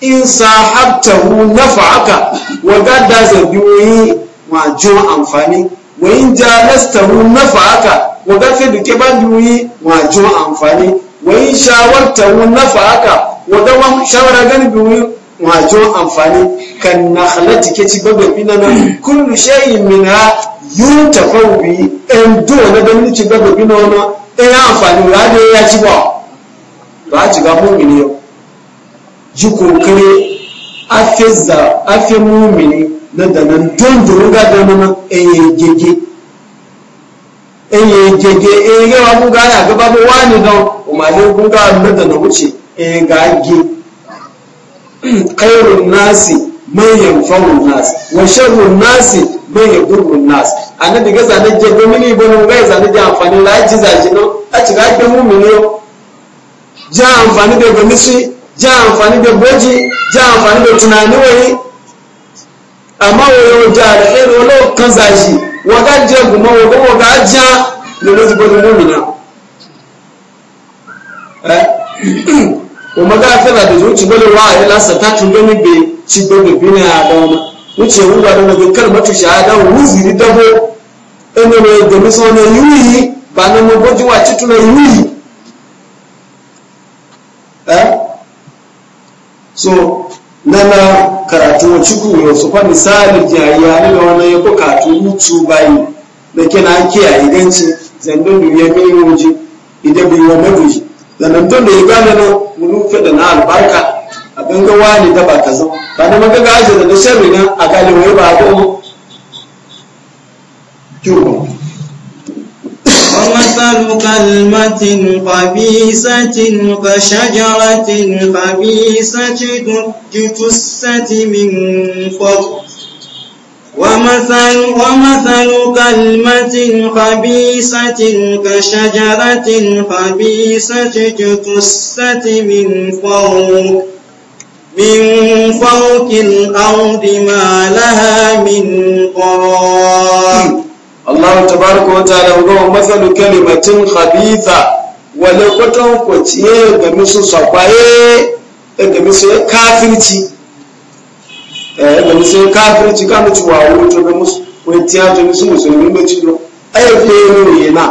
in sahabtahu nafa'aka wa gadda zabiwi ma jo amfani wa in jalastahu nafa'aka wa gafe duke banduyi wa ju amfani wa in shawartahu nafa'aka wa da shawara gani biyu wa ju amfani kan nakhlati ke ci babu bina nan kullu shay'in minha yuntafau bi en do na da ni ci babu bina wannan en amfani wa da ya ci ba ba ci ga mu'mini yau ji kokare afizza afi mu'mini na danan don duru ga danana Enye gege eye gege enye yawa kun ga ya gaba ba wani don umarni kun ga na dana wuce eye ga ge khairun nasi man yanfa'u nas wa sharrun nasi man yadurru nas annabi ga zane je domini bono ga zane je amfani la ji zaji no a ci ga ke mu mi ne ja amfani da gomisi ja amfani da goji ja amfani da tunani wani amma wayo jara irin wani kan zashi waga je guma waga waga ja da na zubar mumina o eh? maga fira da zuci bale wa ya lasa ta tun gani be ci gani bina ya dawo wuce wuga da daga kalmatu shahada wuziri dabo ina ne da miso ne yuyi ba na mu wa ci tuna yuyi eh? so nana karatu wa cikin su fa misali jariya ne da wannan ya bukatu mutu bayi da ke na kiyaye ganci zandon da ya mai wuji idan bai wa mabuji zanen don da ya gane na mulufe da na albarka a ganga wani da ba ka zo ba da magaga ajiye da na sharri na a galibai ba a goma مثل كلمة خبيثة كشجرة خبيثة اجتثت من فضل ومثل ومثل كلمة خبيثة كشجرة خبيثة اجتثت من فوق من فوق الأرض ما لها من قرار Allah tabaraka wa ta'ala ga masalu kalimatin khabitha wale kwatan kwaciye ga misu sakwaye eh, ga misu kafirci eh ga misu kafirci ka mu ciwa wato ga musu kwaciya ta misu musulmi ba ci do ai fe ne yana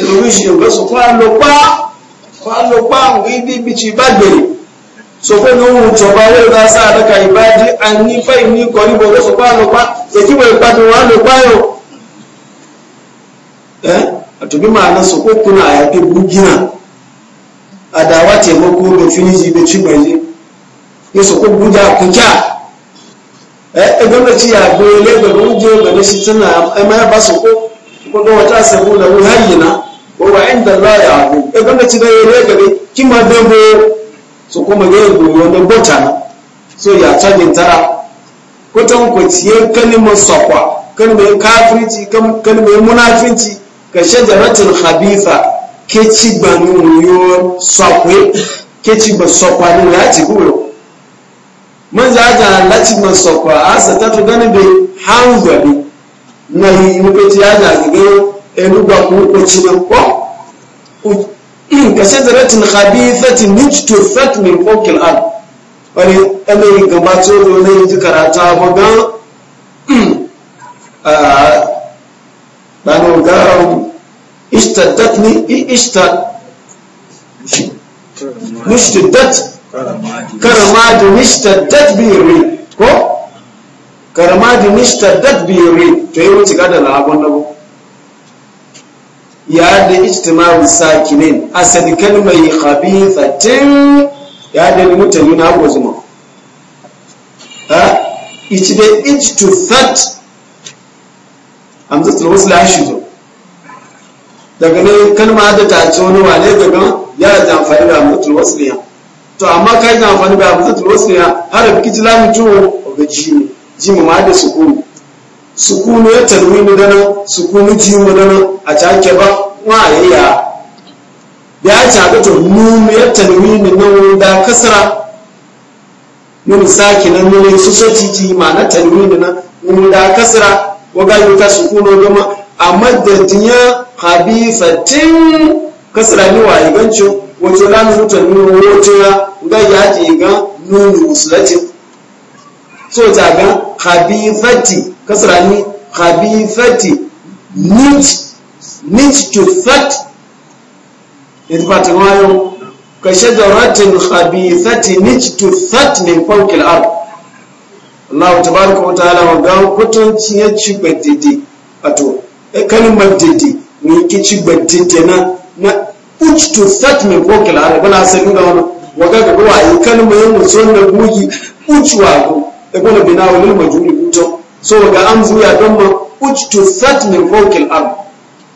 ruwi shi ga su kwa lo pa kwa lo pa ngi bi bi ci bagbe so ko no mu to ba we ga sa da kai baji an ni fa ni ko ni bo so kwa lo pa e ti we pa to wa lo pa yo Eh? a tubi ma'anar su ko kuna a yafi bugina a dawa taimako da finiji da cibaje ya su ko buga kuka eh, eh gwamnati ya dole daga wuje ga shi tana ai ma ba su ko ko ga wata sabu da ruhayyina ko wa inda Allah ya abu eh gwamnati da ya yare gabe kima dango su kuma ga yabo wanda bota so ya tsaje tara ko tan ko tiye kalimar sakwa kalmar kafirci kalmar munafinci ka shajaratul khabitha ke ci gbanu yo sokwe ke ci ba sokwa ni lati guro man za ta lati ma sokwa asa ta to gani be hanwa bi na yi ni pe ti aja gege enu gba ku ko ci na ko ka shajaratul khabithati nijtufat min fawqil ard wani amai gabato da wani karata ba banu garam istaddatni istad mustaddat karamadu mustaddat biri ko karamadu mustaddat biri to yi wuce gada labon nabo ya da ijtima'u sakinin asali kalmai khabithatin ya da mutane na gozuma ha ichi da ijtu hamzatul wasla shi zo daga nan kalma da ta ce wani wane daga gan ya da amfani da hamzatul wasliya to amma kai da amfani da hamzatul wasliya harab kitlamu cewa ga jimu jimu ma da sukunu sukunu ya talwini dana sukunu jimu dana a take ba wa yayya ya ce ga to nun ya talwini nan da kasara. Mun saki nan ne su sati ma na talwini nan nun da kasara. wagayu ta su kuno gama a madadin ya tin kasra ni wa iganci wato da mu ta nuno wato ya ga yaji ga nuno musulati so ta ga habifati kasra ni habifati nit nit to fat in fatan wayo ka shajaratin habifati nit to fat min fawqil ardh Allah tabaraka ku ta'ala wa ga kutunci ya ci gbadidi wato eh, kalmar didi ne ki ci gbadidi na na uch to start me ko kilare bana sanu da wannan wa ga ga wa yi kalmar yin musu na gugi uch e, wa ko e ko na bina wal majuri so ga an zuya don ma uch to start me ko kilare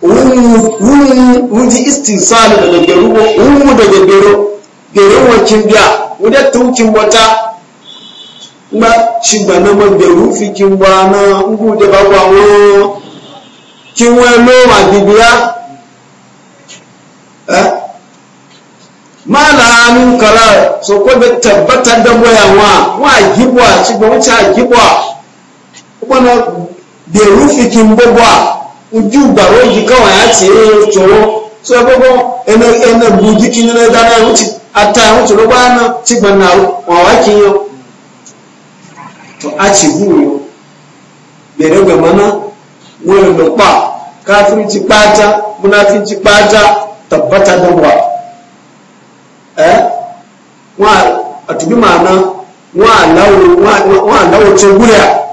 wun ji istinsal da daga rubo da daga bero bero wakin biya wadda tukin wata ngba ṣùgbọ́n náà mo bẹ̀rù da kí n wá náà ń kú jẹba wà wọ́n kí wọ́n ló wà dìbí á. máa là á ń kọ́ra sọ̀kọ́ bẹ tẹ̀bẹ́tà dẹ́gbọ́ yà wọ́n à wọ́n à yíbọ̀ à ṣùgbọ́n wọ́n ti à yíbọ̀ à wọ́n náà bẹ̀rù fi kí n bọ́bọ̀ à ojú to a ci buyo bai daga mana wurin da kwa kafirci bata munafinci bata tabbata da wa eh wa a tubi ma'ana wa lawo ce gura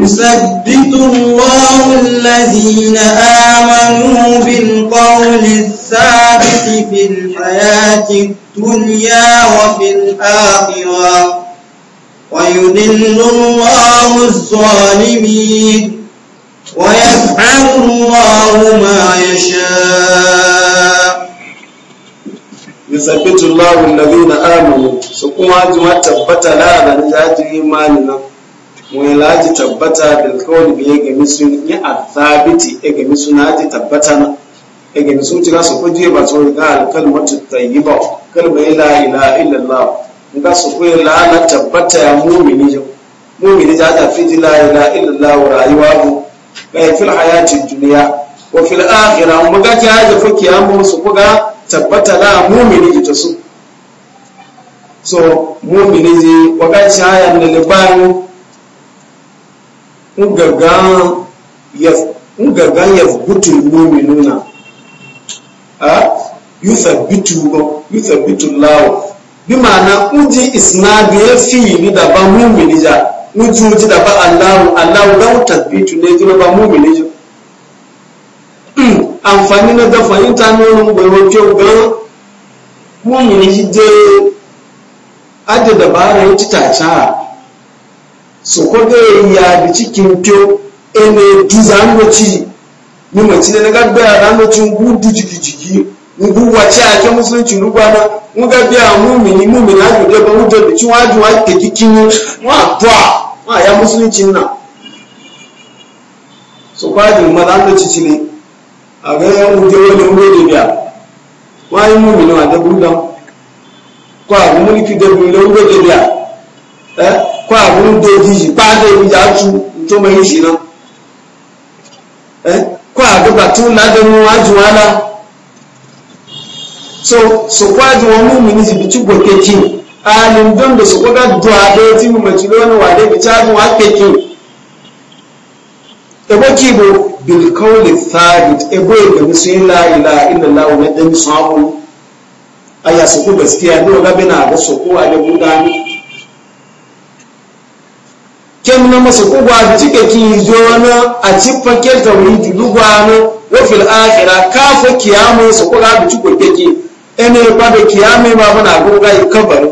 يثبت الله الذين آمنوا بالقول الثابت في الحياة الدنيا وفي الآخرة ويذل الله الظالمين ويفعل الله ما يشاء يثبت الله الذين آمنوا سكوا جوا تبتا لا نجاج إيماننا ويلاج تبت بالقول بيجمسون يأثابتي يجمسون هذه تبتنا daga da sun cira su kwaje ba su ga alkalmatu tayyiba kalma la ilaha illallah ga su ko la na tabbata ya mu'mini jo mu'mini ja ta fi la ilaha illallah wa rayuwa bu ga fil hayati duniya. wa fil akhirah mu ga ta da fuki amma su kuga tabbata la mu'mini ji su so mu'mini ji wa ga ta ya ne libanu ngaggan ya ngaggan ya gutul mu'minuna yuthabbitu lawo bi ma'ana uji isnadu ya fi ni da ba mumini ja uji uji da ba allahu allahu dan tabbitu ne ji ba mumini ja hmm. amfani na da fahimta ne wani gwaiwa kyau ga mumini shi je adda dabara ya ci taca so ko ga ya bi cikin kyau ene duzan ci nima cile na gagbaya na nocin gudu jiki-jiki ngu wace ake musulunci lugwana nga biya mumini mumini wujo de tiwa chi wa ke kikini ya musulunci na so kwa de ma dan de cicile a ga ya mu de wani mu de wa de kwa mu de bu le de eh kwa mu de ji pa de ya to na eh ko a ga batun ladanu ala so so kwaji wa mumini si bitu gokeki alin don da de ti mu ma ya lo maciloni wa da bitajin wa keki ebo kibo bil kawli thabit bo da bi yin la ilaha illallah wa dan sabu aya su ku gaskiya ne ga bina go so ko a da ni kem na masu kugwa da cike ki zo na a cikin kel tawhid lugwa no wa fil akhirah ka fa kiyamu su kugwa da cike ki ene ba da kiyame ba muna gugwa yi kabari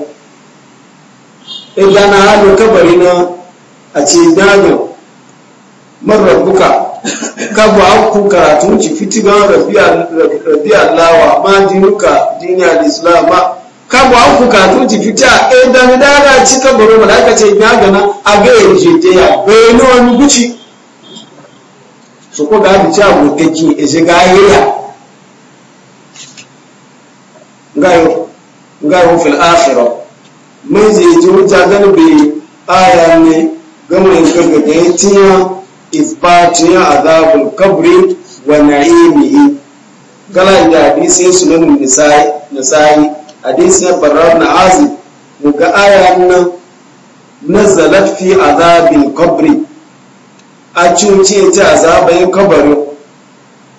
idan e na halu kabari na a ce dago man rabbuka kabu aku karatu ci fitiban rabbi Allah wa ma dinuka dini al-islam kabo an ku katun ti fita e eh, da ni dara ci ka boro malaka ce ya gana a ga yaje te ya bayani wani guci so ko ga bi ta go ki e je ga yi ngayo ngayo fil akhirah mai je ji wuta dan bi aya ne gamin gaga da ya yatiya isbatiya azabul kabri wa na'imihi gala da hadisi sunan nisa'i nisa'i hadisi ya barar na azib muga aya nan nazalat fi azabil qabri a cuce ta azabayin kabari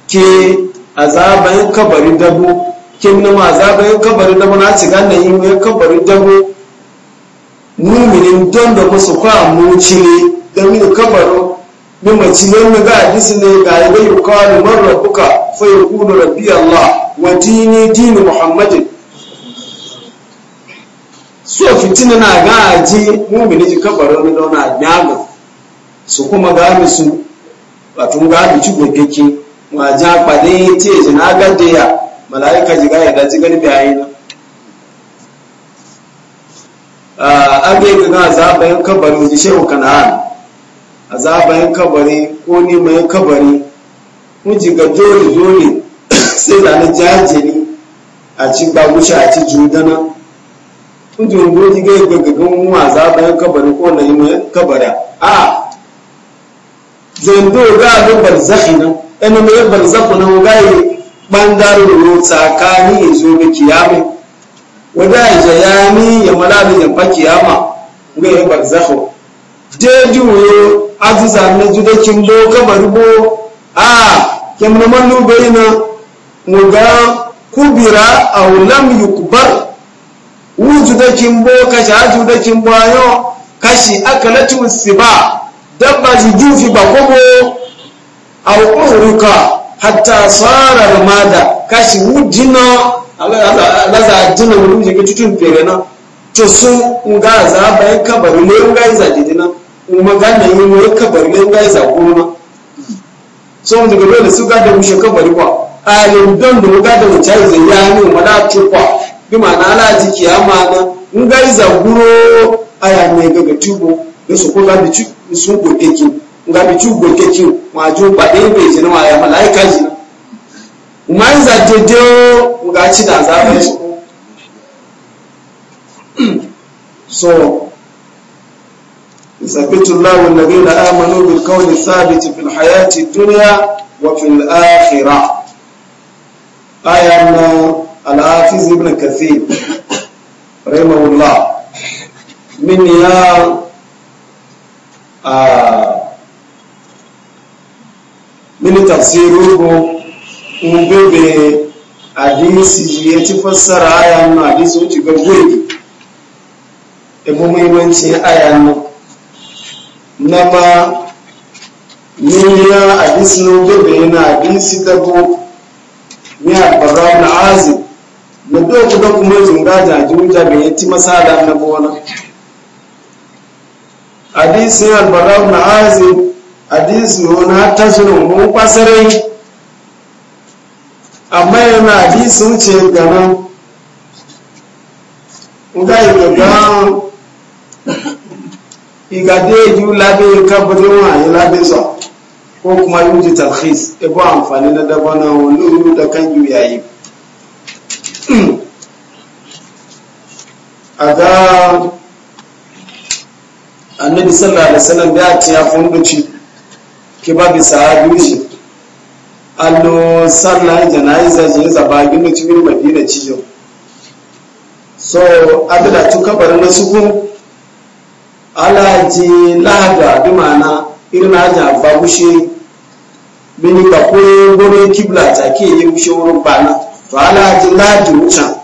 ke azabayin kabari dabo kin na ma azabayin kabari na ci ganna yin mai kabari dabo muminin don da masu kwa muci ne da min kabaro min mace ne mu ga hadisi ne ga yayi yuqalu man rabbuka fa yaqulu rabbi allah wa dini dini muhammadin sai fitina na gaji mumini ji kabar wani launa gyamu su kuma gami su batun gami ci gogeke ma ja kwade ce ji na gaje ya mala'ika ji gaya da jigar bayi na a ga na zabayin kabarin ji shehu kana'an a zabayin kabari ko neman mai kabari kun ji ga dole dole sai da na jajiri a ci gbagusha a ci judana kujin goji ga gaggagan wasa bayan ko na yi kabara a zando ga ga barzakhi nan ɗan mai barzakhu nan ga yi ɓangaren ro tsakani ya zo ga kiyama wadda ya jayani ya malabi ya fa kiyama ga yi barzakhu jeju yo azuza na juda kin bo kabari bo a kemna manu bayina mu ga kubira aw lam yukbar wuzu da kimbo kashi haju da kimbo ayo kashi akalatu siba dabba jujufi ba kobo au uruka hatta sara ramada kashi wujina alaza jina wujin ga tutun fere na to sun nga za bayan kabari ne nga za jidina kuma ganna yi kabari ne nga za gona so mun daga dole su ga da kabari kwa alim don da ga da wuce zai ya ni ma da tukwa gima na alaji ki ama na nga iza guro aya na ega bitugo nisu kuna bitugo nisu ugo keki nga bitugo keki mwaju ba ebe jina wa ya malaika jina umaiza jedeo nga chida za vesu so isabitu Allah wa nagina amanu bil kawli thabiti fil hayati dunya wa fil akhira aya alhafiz ibn kathir rahimahullah min ya a mini tafsirin ko bebe hadisi ya ci fassara ayan nan hadisi wuce ga gwai ebo muhimmancin ayan nan na ma miliyan hadisi na bebe yana hadisi dabo ni na azib na doki ba kuma zunga jajin jabe ya ci masala na bona hadisi albarau na azi hadisi wani hatta suna mun kwasarai amma yana hadisi wuce gana nga igaga igade ju labe kabrin wa ya labe so ko kuma yuji talhis ibo amfani na dabana wani da kan yu yayi a ga annabi sallallahu alaihi wasallam ya ce ya funduci ke ba bi sahabi shi allo sallah janaiza je za ba ginu ci min madina ci yau so abida tu kabar na suku alaji lahada bi mana irin aja ba gushe bini ka ko gore kibla ta ke yi gushe wurin bana to ala ji lati wuta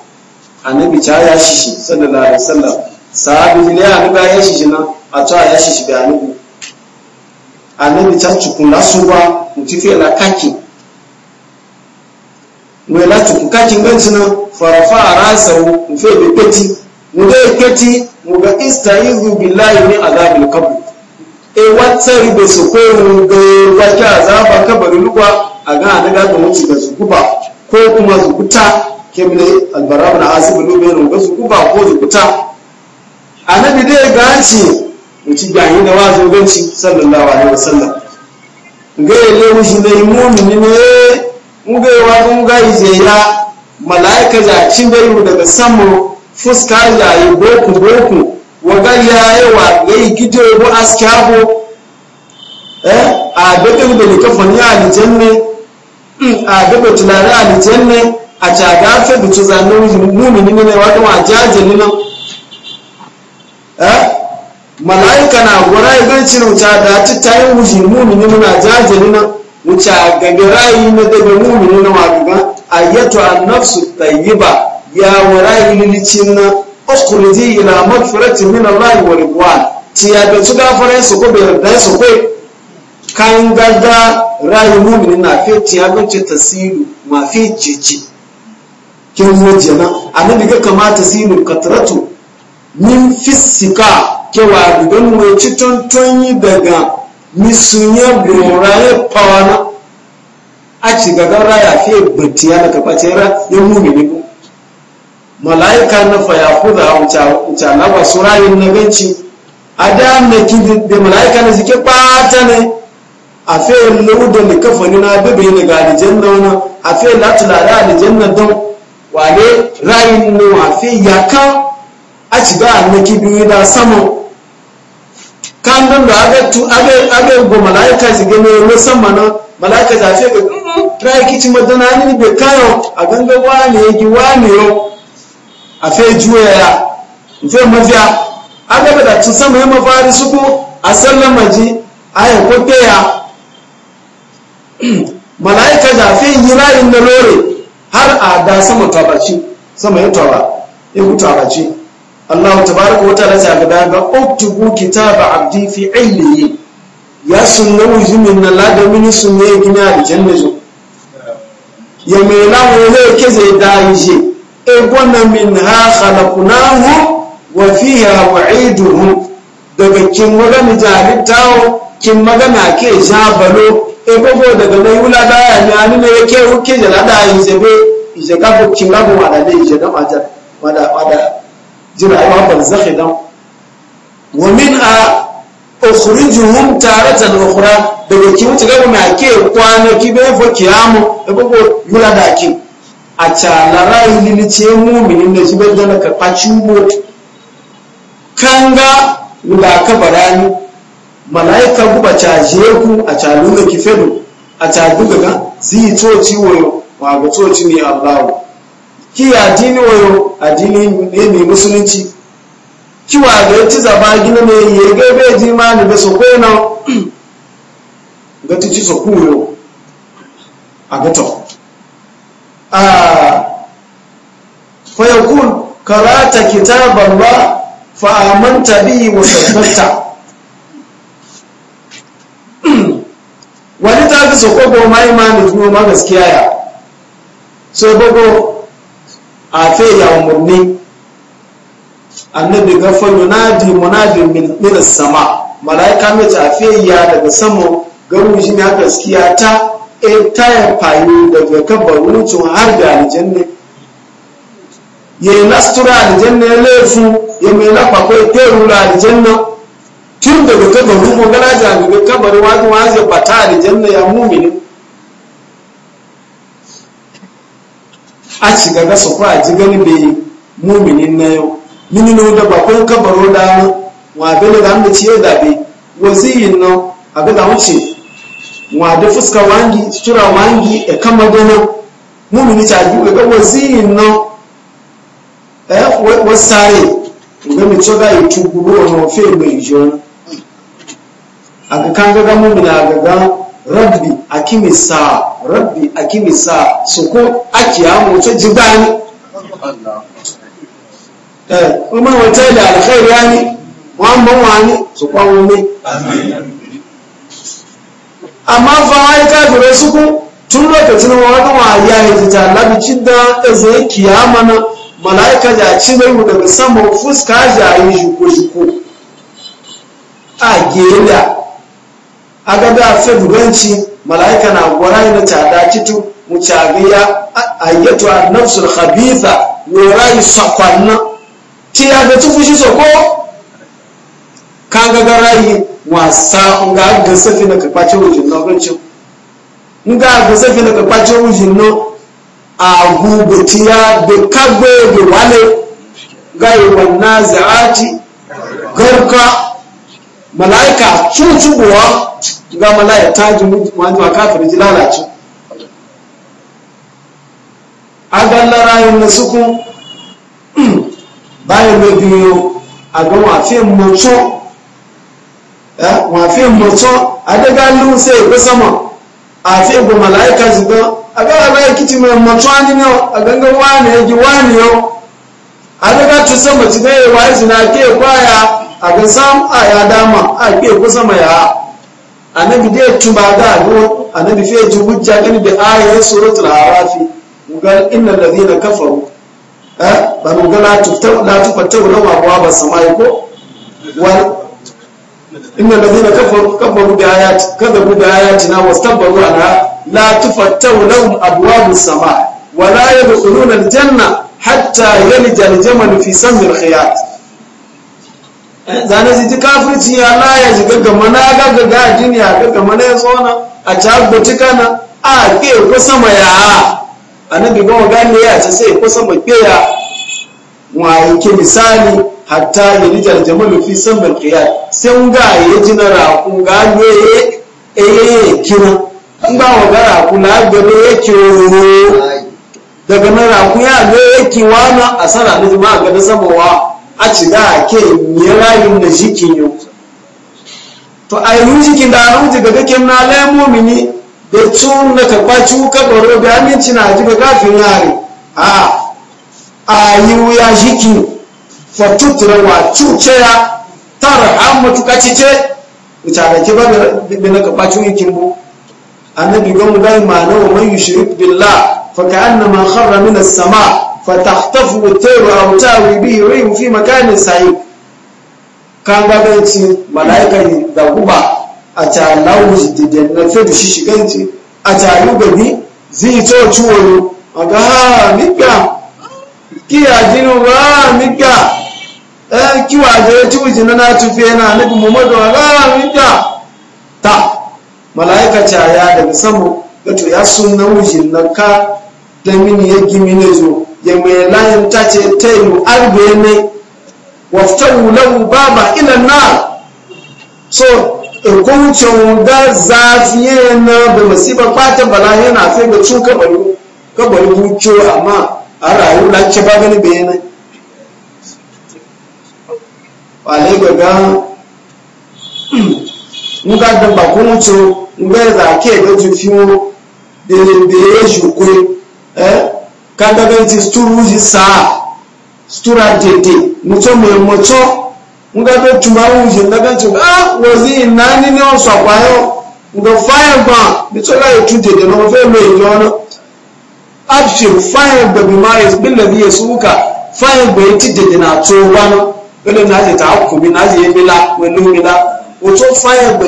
annabi ta ya shishi sallallahu alaihi wasallam sahabi ne ya annabi ya shishi na a ta ya shishi bi annabi annabi ta tukun lasuwa mutifi la kaki mwe la tukun kaki nganci na farafa mu mfe be peti ga peti muga istaizu billahi min azabil qabr e watsari be sokoro ga wata azaba kabarin lugwa a ga annabi ga mutu ga zuguba ko kuma zukuta kemne albarabu na asibu lubenu ga su kuba ko zukuta annabi dai gaci mutu gani da wazo ganci sallallahu alaihi wasallam ga yele mushi dai mu'mini ne muga wa mun ga yi ya malaika ja cin dai daga samu fuska ya yi boku boku wa ga ya yi wa ya yi gido bo askabo eh a bakin da kafa ni a ne a gaba tunani alijan ne a caga fe da tuzanin mumini ne wata wa jajin nan malaika na gora igar cin wuta da ta tayin wuji mumini muna jajin nan wuce gagarayi na daga mumini na wadugan ayyatu annafsu tayyiba ya warayi lilicin na ukhriji ila maghfirati min Allah wa ridwan ti ya da su gafarai su ko bai yarda su kai kan gada rayu mumini na fi tiyagoce tasiru ma fi jeje kin waje na annabi ga kama tasiru katratu min fisika wa dugan mai ci tonyi daga misunye buraye pawana a ci gaban raya fi batiya daga bacera ya mumini ko malaika na fayafuda wuce lawa su rayu na ganci a da na kidi da malaika na suke bata ne a fe lauda da kafani na bebe ni ga aljanna wana a fe latula da na don wale rayin no a fe yaka a ciga annaki biyu da sama kan don da aga tu aga aga go malaika zige gane no sama na malaika ta fe ga mm, mm, rayu kici madana ne be kayo a ganga wani yi wani yau a fe juya ya fe mafiya agar da tun sama ya mafari suku a sallama ji a ko teya mala'ika zafi hirayin na lore har a da sama tabaci sama ya ya ihu bace Allah tabaraka wa ta'ala ya ga daga uktubu kitaba abdi fi illiyi ya sunna wujumin na la da min sunne ya gina da jannatu ya me la wole ke zai daije e gona min ha khalaqnahu wa fiha wa'iduhu daga kin mujahid tawo kin magana ke e gogo daga na wula da ya ni ani ne yake uke da lada yi zebe je ka ko kin gabo wada ne je da majar wada wada jira ayi ban zakhi da wa min a ukhrijuhum taratan ukhra daga kin wuce ga mai ke kwana ki be fo kiyamu e gogo wula da ki a ta rai ni yi lilice muminin da shi ban da ka kwaci mota kanga wula ka barani malaika guba caje ku a calu da kifedu a calu ga zai toci wayo wa ga ci ne Allah ki dini wayo addini ne mai musulunci ki wa ga ci zaba gina ne ya ga bai ji ma ne ba so ko na ga ci so ku yo a ga to a ah. fa yakun karata kitaballah fa amanta bihi wa sabbata su so kogo ma imani kuma ma gaskiya ya so kogo a fe ya umurni annabi ga fa yunadi munadi min min sama malaika mai ta fe ya daga sama garu shi ne gaskiya ta e ta ya fayu daga kabarutun har da aljanna ye nastura aljanna lefu ye mai ko te rula aljanna tun daga kabarin ko gana ja daga kabarin wajen waje bata da janna ya mumini a ci gaga su kwa ji gani bai muminin na yau minino da bakon kabaro da wa bela da hannu ciye da bai waziyin nan abu da wuce wa da fuska wangi sutura wangi e kama gana mumini ta ji ga waziyin nan eh wasare ga mi tsoga yi tuguru wa mafi mai jona aga kanga ga mumina ga ga rabbi akimisa, rabbi akimisa. So su ko ake amu ta jibani eh kuma wata da alkhairi yani wa ban wani su kwa wani amma fa ai kafirai su ku tun lokacin wani wa ya yi ta labi da zai kiyama na mala'ika da ci mai daga saman fuska jayi shuko-shuko a gela aga da fe buganci malaika na gwarai na tada kitu chagiya ayyatu an-nafsul khabitha worai sakwanna ti aga tu fushi soko kanga garayi wasa nga ga safi na kapace wujin na ganci nga ga safi na kapace wujin no gubutiya da kago da wale gai wannan za'ati garka malaika cucubuwa gama la ya taji wani wa ji lalace a galla rayun na suku bayan da biyu a ga wafin moto wafe moto a daga lun sai ga sama a fi ga mala'ika zuba a ga rayun kiti mai moto an ne a ganga wani ya ji wani yau a daga tu sama ci ga yawa izina ke kwaya a ga sam a ya dama a ke kusa mai ha annabi dai tuba da go annabi fe ji hujja kan bi ayat suratul arafi ugal innal ladina kafaru ha ba mu ga la da la tufta wala wa ba samai ko wal innal ladina kafaru kafaru bi ayat kadhabu bi na wastabaru anha la tufta lahum abwabu samai wa la yadkhuluna janna hatta yalija jamal fi sammi khiyat zane su ji kafirci Allah ya shiga gama na ga a jini a gama na ya tsona a cagbaci kana a ke kusa ma ya a nan gaba wa gani ya ce sai kusa ma ke ya wa ke misali hatta ya rija jarjama lufi san bal sai ga ya ji na raku ga ne ya kira in ba wa ga raku na ga ne yake daga na raku ya ga yake wana asara ne ma ga da samawa a ci da ke ne rayin da jikin yau to a yi jikin da an ji daga ke na laye momini da tun da ka kwaci ka baro da aminci na ji ga gafin yare a a yi wuya jiki fa tutura wa cuceya tara an matuka cice da ke ba da na kwaci yakin mu annabi ga mu ma na wa man yushrik billah fa annama kharra min as-sama' fatahtafu tayru aw tawi bihi rihu fi makanin sahih Kanga gabanci malaika ne da guba a ta lawuji da na fedu shi shiganci a ta yi gabi zai to ciwo a ga ha mika kiya jinu ba mika eh kiwa je ciwo jina na tufe na nabi muhammadu ga mika ta malaika ta ya daga samu gato ya sunna wujin nan ka ta mini ya gimi zo ya mai layin ta ce ta yi mu'arbe ne wulawu ba ba ila na so hukuncin da fiye na da masifa kwata bala yana fi da cin kabari kabari hucho amma a rayu lakke ba gani bayanai wale gaga nuka da bakuncu nga za ke da jufiwo da da ya shukuri Eh? kandaga ntị suturu saa sutura dede mutu mai mutu nga bɛ tuma wuyi nga bɛ tuma ah wozi naani ni ọ sɔgba yɔ gba mutu la etu dede na ɔfɛ bụ yɔ na absir fire gba bi ma bi dede na na ta na fire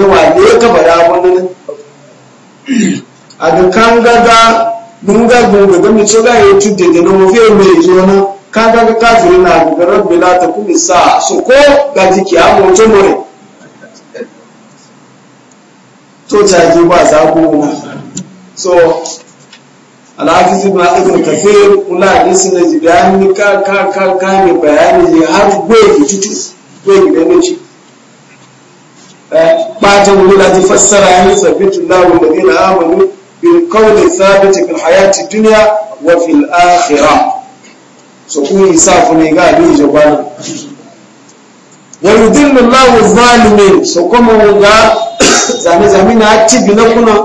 na wa ya a mun ga gobe ga mu tsoga ya tu da na fiye mai zo na ka ga ka kafiri na ga rabbi la ta kuma sa so ko ga jiki a mutum more to ta ji ba za ku na so alhafiz ibn ibn kafir kula hadisi na jibani ka ka ka ka ne bayani ne har gobe tutu gobe da ne ci eh ba ta wuri da fassara ya sabbitu lahu ladina amanu bilkaulin sabiti fil hayati duniya wa fil akhira so kun yi safu ne ga abin jabana wa yudillu Allahu zalimin so kuma ga zame zame na ci bina kuna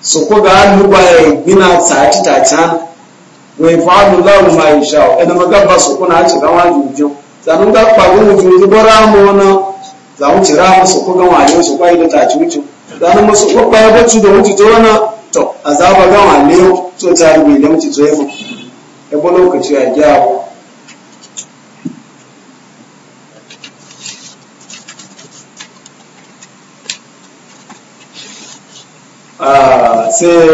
so ko ga aluba ya bina tsaci taca wa yafa'alu Allahu ma yasha idan magabba so kuna ci ga wani jujjo zanun ga kwagun jujjo bara mu na za mu cira musu ko ga wani su kwai da taci wuce zanun musu ko kwai bacci da wuce to wannan to azaba gama ne so ta rubi da mutu ya bo lokaci a jawo ah, sai